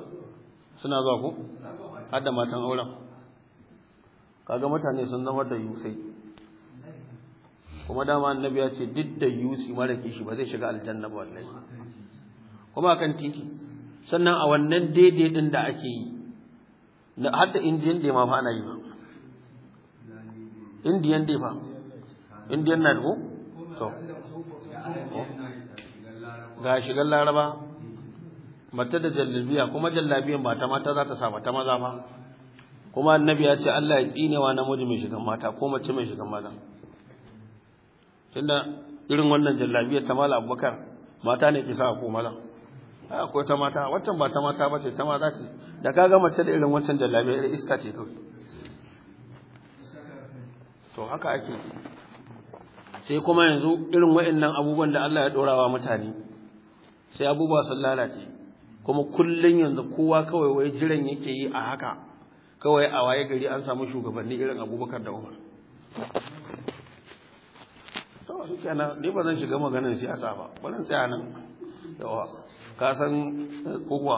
suna zuwa ku har da matan auren kaga mutane sun zama da yusai kuma dama annabi ya ce duk da yusi mara kishi ba zai shiga aljanna ba wallahi kuma kan titi sannan a wannan daidai din da ake yi na da indiyan da ma fa ana yi ba indiyan da fa indiyan na ko to ga dan laraba mace da jallabiya kuma jallabiyan ba ta mata za ta sa ta maza ba kuma annabi ya ce Allah ya tsinewa namiji mai shigan mata ko mace mai shigan maza tunda irin wannan jallabiya ta mala abubakar mata ne ke sa ko a akwai ta mata waccan ba ta mata ba ce ta maza ce da ka ga mace da irin wancan jallabiya irin iska ce kawai to haka ake sai kuma yanzu irin wa'annan abubuwan da Allah ya dora wa mutane sai abubuwa sun lalace kuma kullun yanzu kowa kawai wai jiran yake yi a haka kawai a waye gari an samu shugabanni irin abubakar da umar to shi kenan ni ba zan shiga maganar siyasa ba ba zan yawa ka eh, kowa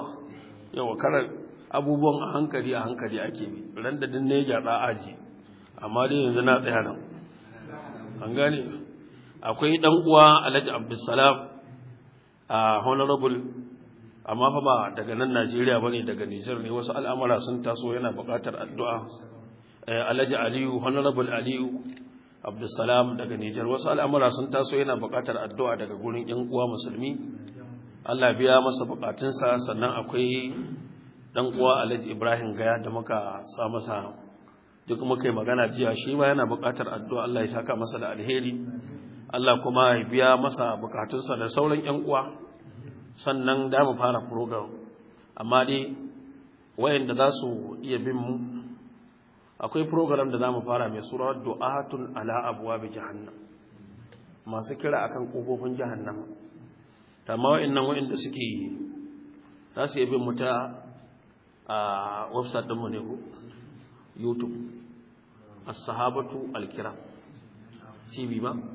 yawa karar abubuwan a hankali a hankali ake bi ran da din ne gyaɗa aji amma dai yanzu na tsaya nan an gane akwai dan uwa Alhaji Abdulsalam a honorable amma fa ba daga nan Najeriya ba ne daga Nijar ne wasu al'amura sun taso yana buƙatar addu'a eh, Alhaji Aliyu honorable Aliyu Abdulsalam daga Nijar, wasu al'amura sun taso yana buƙatar addu'a daga gurin yan uwa musulmi Allah biya masa buƙatunsa sannan akwai dan uwa Alhaji Ibrahim Gaya da muka sa duk muka yi magana jiya shi ma yana buƙatar addu'a Allah ya saka masa da alheri Allah kuma ya biya masa bukatunsa da sauran ‘yan uwa sannan da mu fara program amma dai wayanda za su iya bin mu akwai program da za mu fara mai sura du'atun ala abuwa bi jahannam masu kira akan kofofin jahannam amma wayannan wayanda suke za su iya bin mu ta a website mu ne ko YouTube as-sahabatu al-kiram TV ba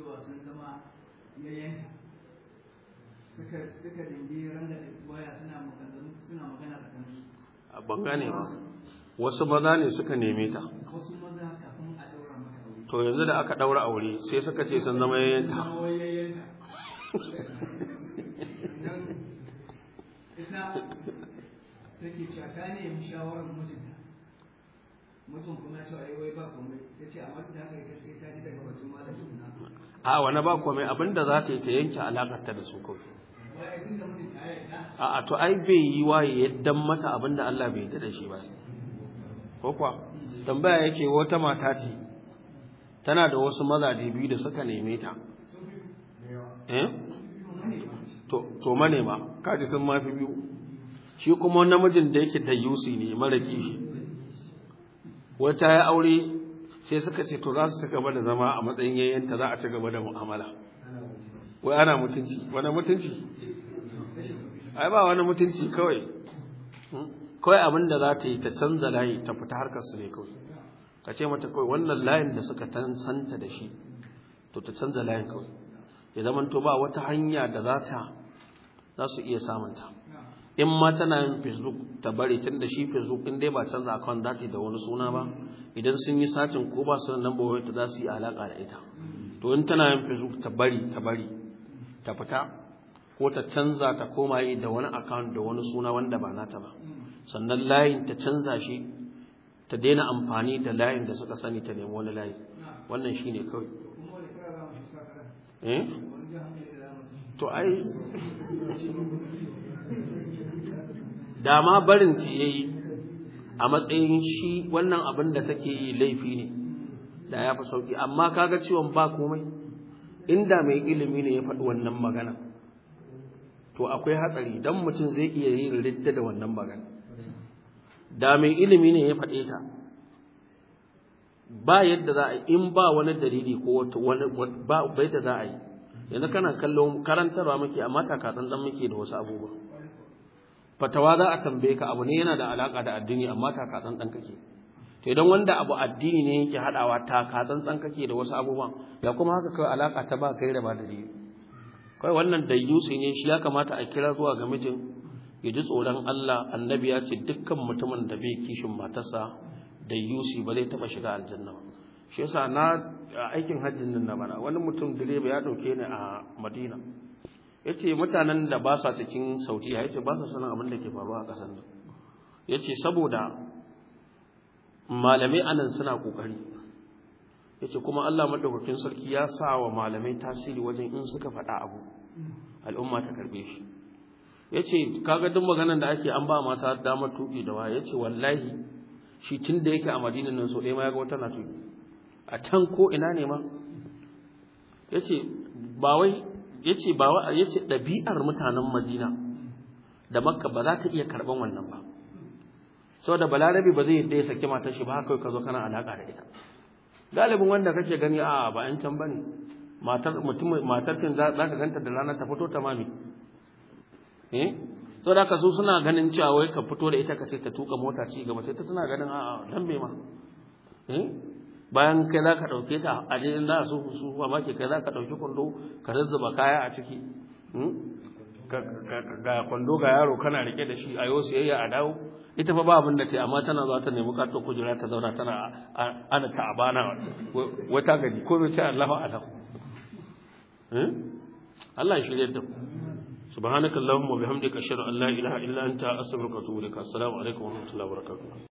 cewa sun zama yayyanta suka suka dinge randa waya suna magana suna magana da kansu ba ba wasu maza ne suka neme ta wasu maza kafin a daura mata to yanzu da aka daura aure sai suka ce sun zama yayyanta ta daga a wani ba komai abinda za ta yi ta yanke alakarta da su kofi? a to ai bai yi waye yadda mata abinda Allah bai yadda da shi ba ko kuwa tambaya yake wata mata ce tana da wasu mazaje biyu da suka neme ta eh? to manema kaji sun mafi biyu shi kuma namijin da yake da yusi ne mara kishi wata ya aure sai suka ce to za su ci gaba da zama a matsayin yayyanta za a ci gaba da mu'amala wai ana mutunci wani mutunci ai ba wani mutunci kawai hmm? kawai abin da za ta yi ta canza layi ta fita harkar su ne kawai ka ce mata kawai wannan layin da suka tantanta da shi to ta canza layin kawai ya zama to ba wata hanya da za ta za su iya samunta in ma tana yin facebook ta bari tun da shi facebook in dai ba canza account za da wani suna ba idan sun yi satin ko ba su nan bawai ta za su yi alaƙa da ita to in tana yin facebook ta bari ta bari ta fita ko ta canza ta koma yi da wani account da wani suna wanda ba nata ba sannan layin ta canza shi ta daina amfani da layin da suka sani ta nemi wani layi wannan shine kawai eh? to ai dama barin ta yayi a matsayin shi wannan abin da take yi laifi ne da ya fi sauki amma kaga ciwon ba komai inda mai ilimi ne ya faɗi wannan magana to akwai hatsari dan mutum zai iya yin ridda da wannan magana da mai ilimi ne ya faɗe ta ba yadda za a yi in ba wani dalili ko wani ba yadda za a yi yanzu kana kallon karantarwa muke amma takatsan dan muke da wasu abubuwa fatawa za a tambaye ka abu ne yana da alaka da addini amma taka tsantsan kake to idan wanda abu addini ne yake hadawa taka tsantsan kake da wasu abubuwan ya kuma haka kai alaka ta ba kai da ba dalili kai wannan dayyusi ne shi ya kamata a kira zuwa ga mijin ya ji tsoron Allah annabi ya ce dukkan mutumin da bai kishin matarsa dayyusi ba zai taba shiga aljanna ba shi yasa na aikin hajjin nan na bana wani mutum direba ya dauke ni a Madina yace mutanen da ba sa cikin sautiya yace ba sa sanin abin da ke faruwa a ƙasar nan yace saboda malamai anan suna kokari yace kuma Allah madaukakin sarki ya sa wa malamai tasiri wajen in suka faɗa abu al'umma ta karbe shi yace kaga duk maganar da ake an ba mata damar tuƙi da waya yace wallahi shi tun da yake a madinan nan so ɗaya ma ya ga wata na tuƙi a can ko ina ne ma yace ba wai yace ba wa yace ɗabi'ar mutanen Madina da Makka ba za ta iya karban wannan ba saboda balarabi ba zai yadda ya saki matar shi ba haka ka zo kana alaka da ita galibin wanda kake gani a ba yan can bane matar mutum matar cin za ka ganta da rana ta fito ta mami eh so da ka su suna ganin cewa wai ka fito da ita ka ce ta tuka mota ci gaba sai ta tana ganin a dan ma eh bayan kai za ka ɗauke ta a jirgin da su su ke kai za ka ɗauki kwando ka zazzaba kaya a ciki hmm? ga kwando ga yaro kana rike da shi a yau siyayya a dawo ita fa ba abin da ce amma tana zuwa ta nemi kato kujera ta zauna tana ana ta a bana wata gani ko mai ta Allahu alam hmm? Allah ya shirya da ku subhanakallahumma bihamdika ashhadu an la ilaha illa anta astaghfiruka wa atubu ilaik assalamu alaikum wa rahmatullahi wa barakatuh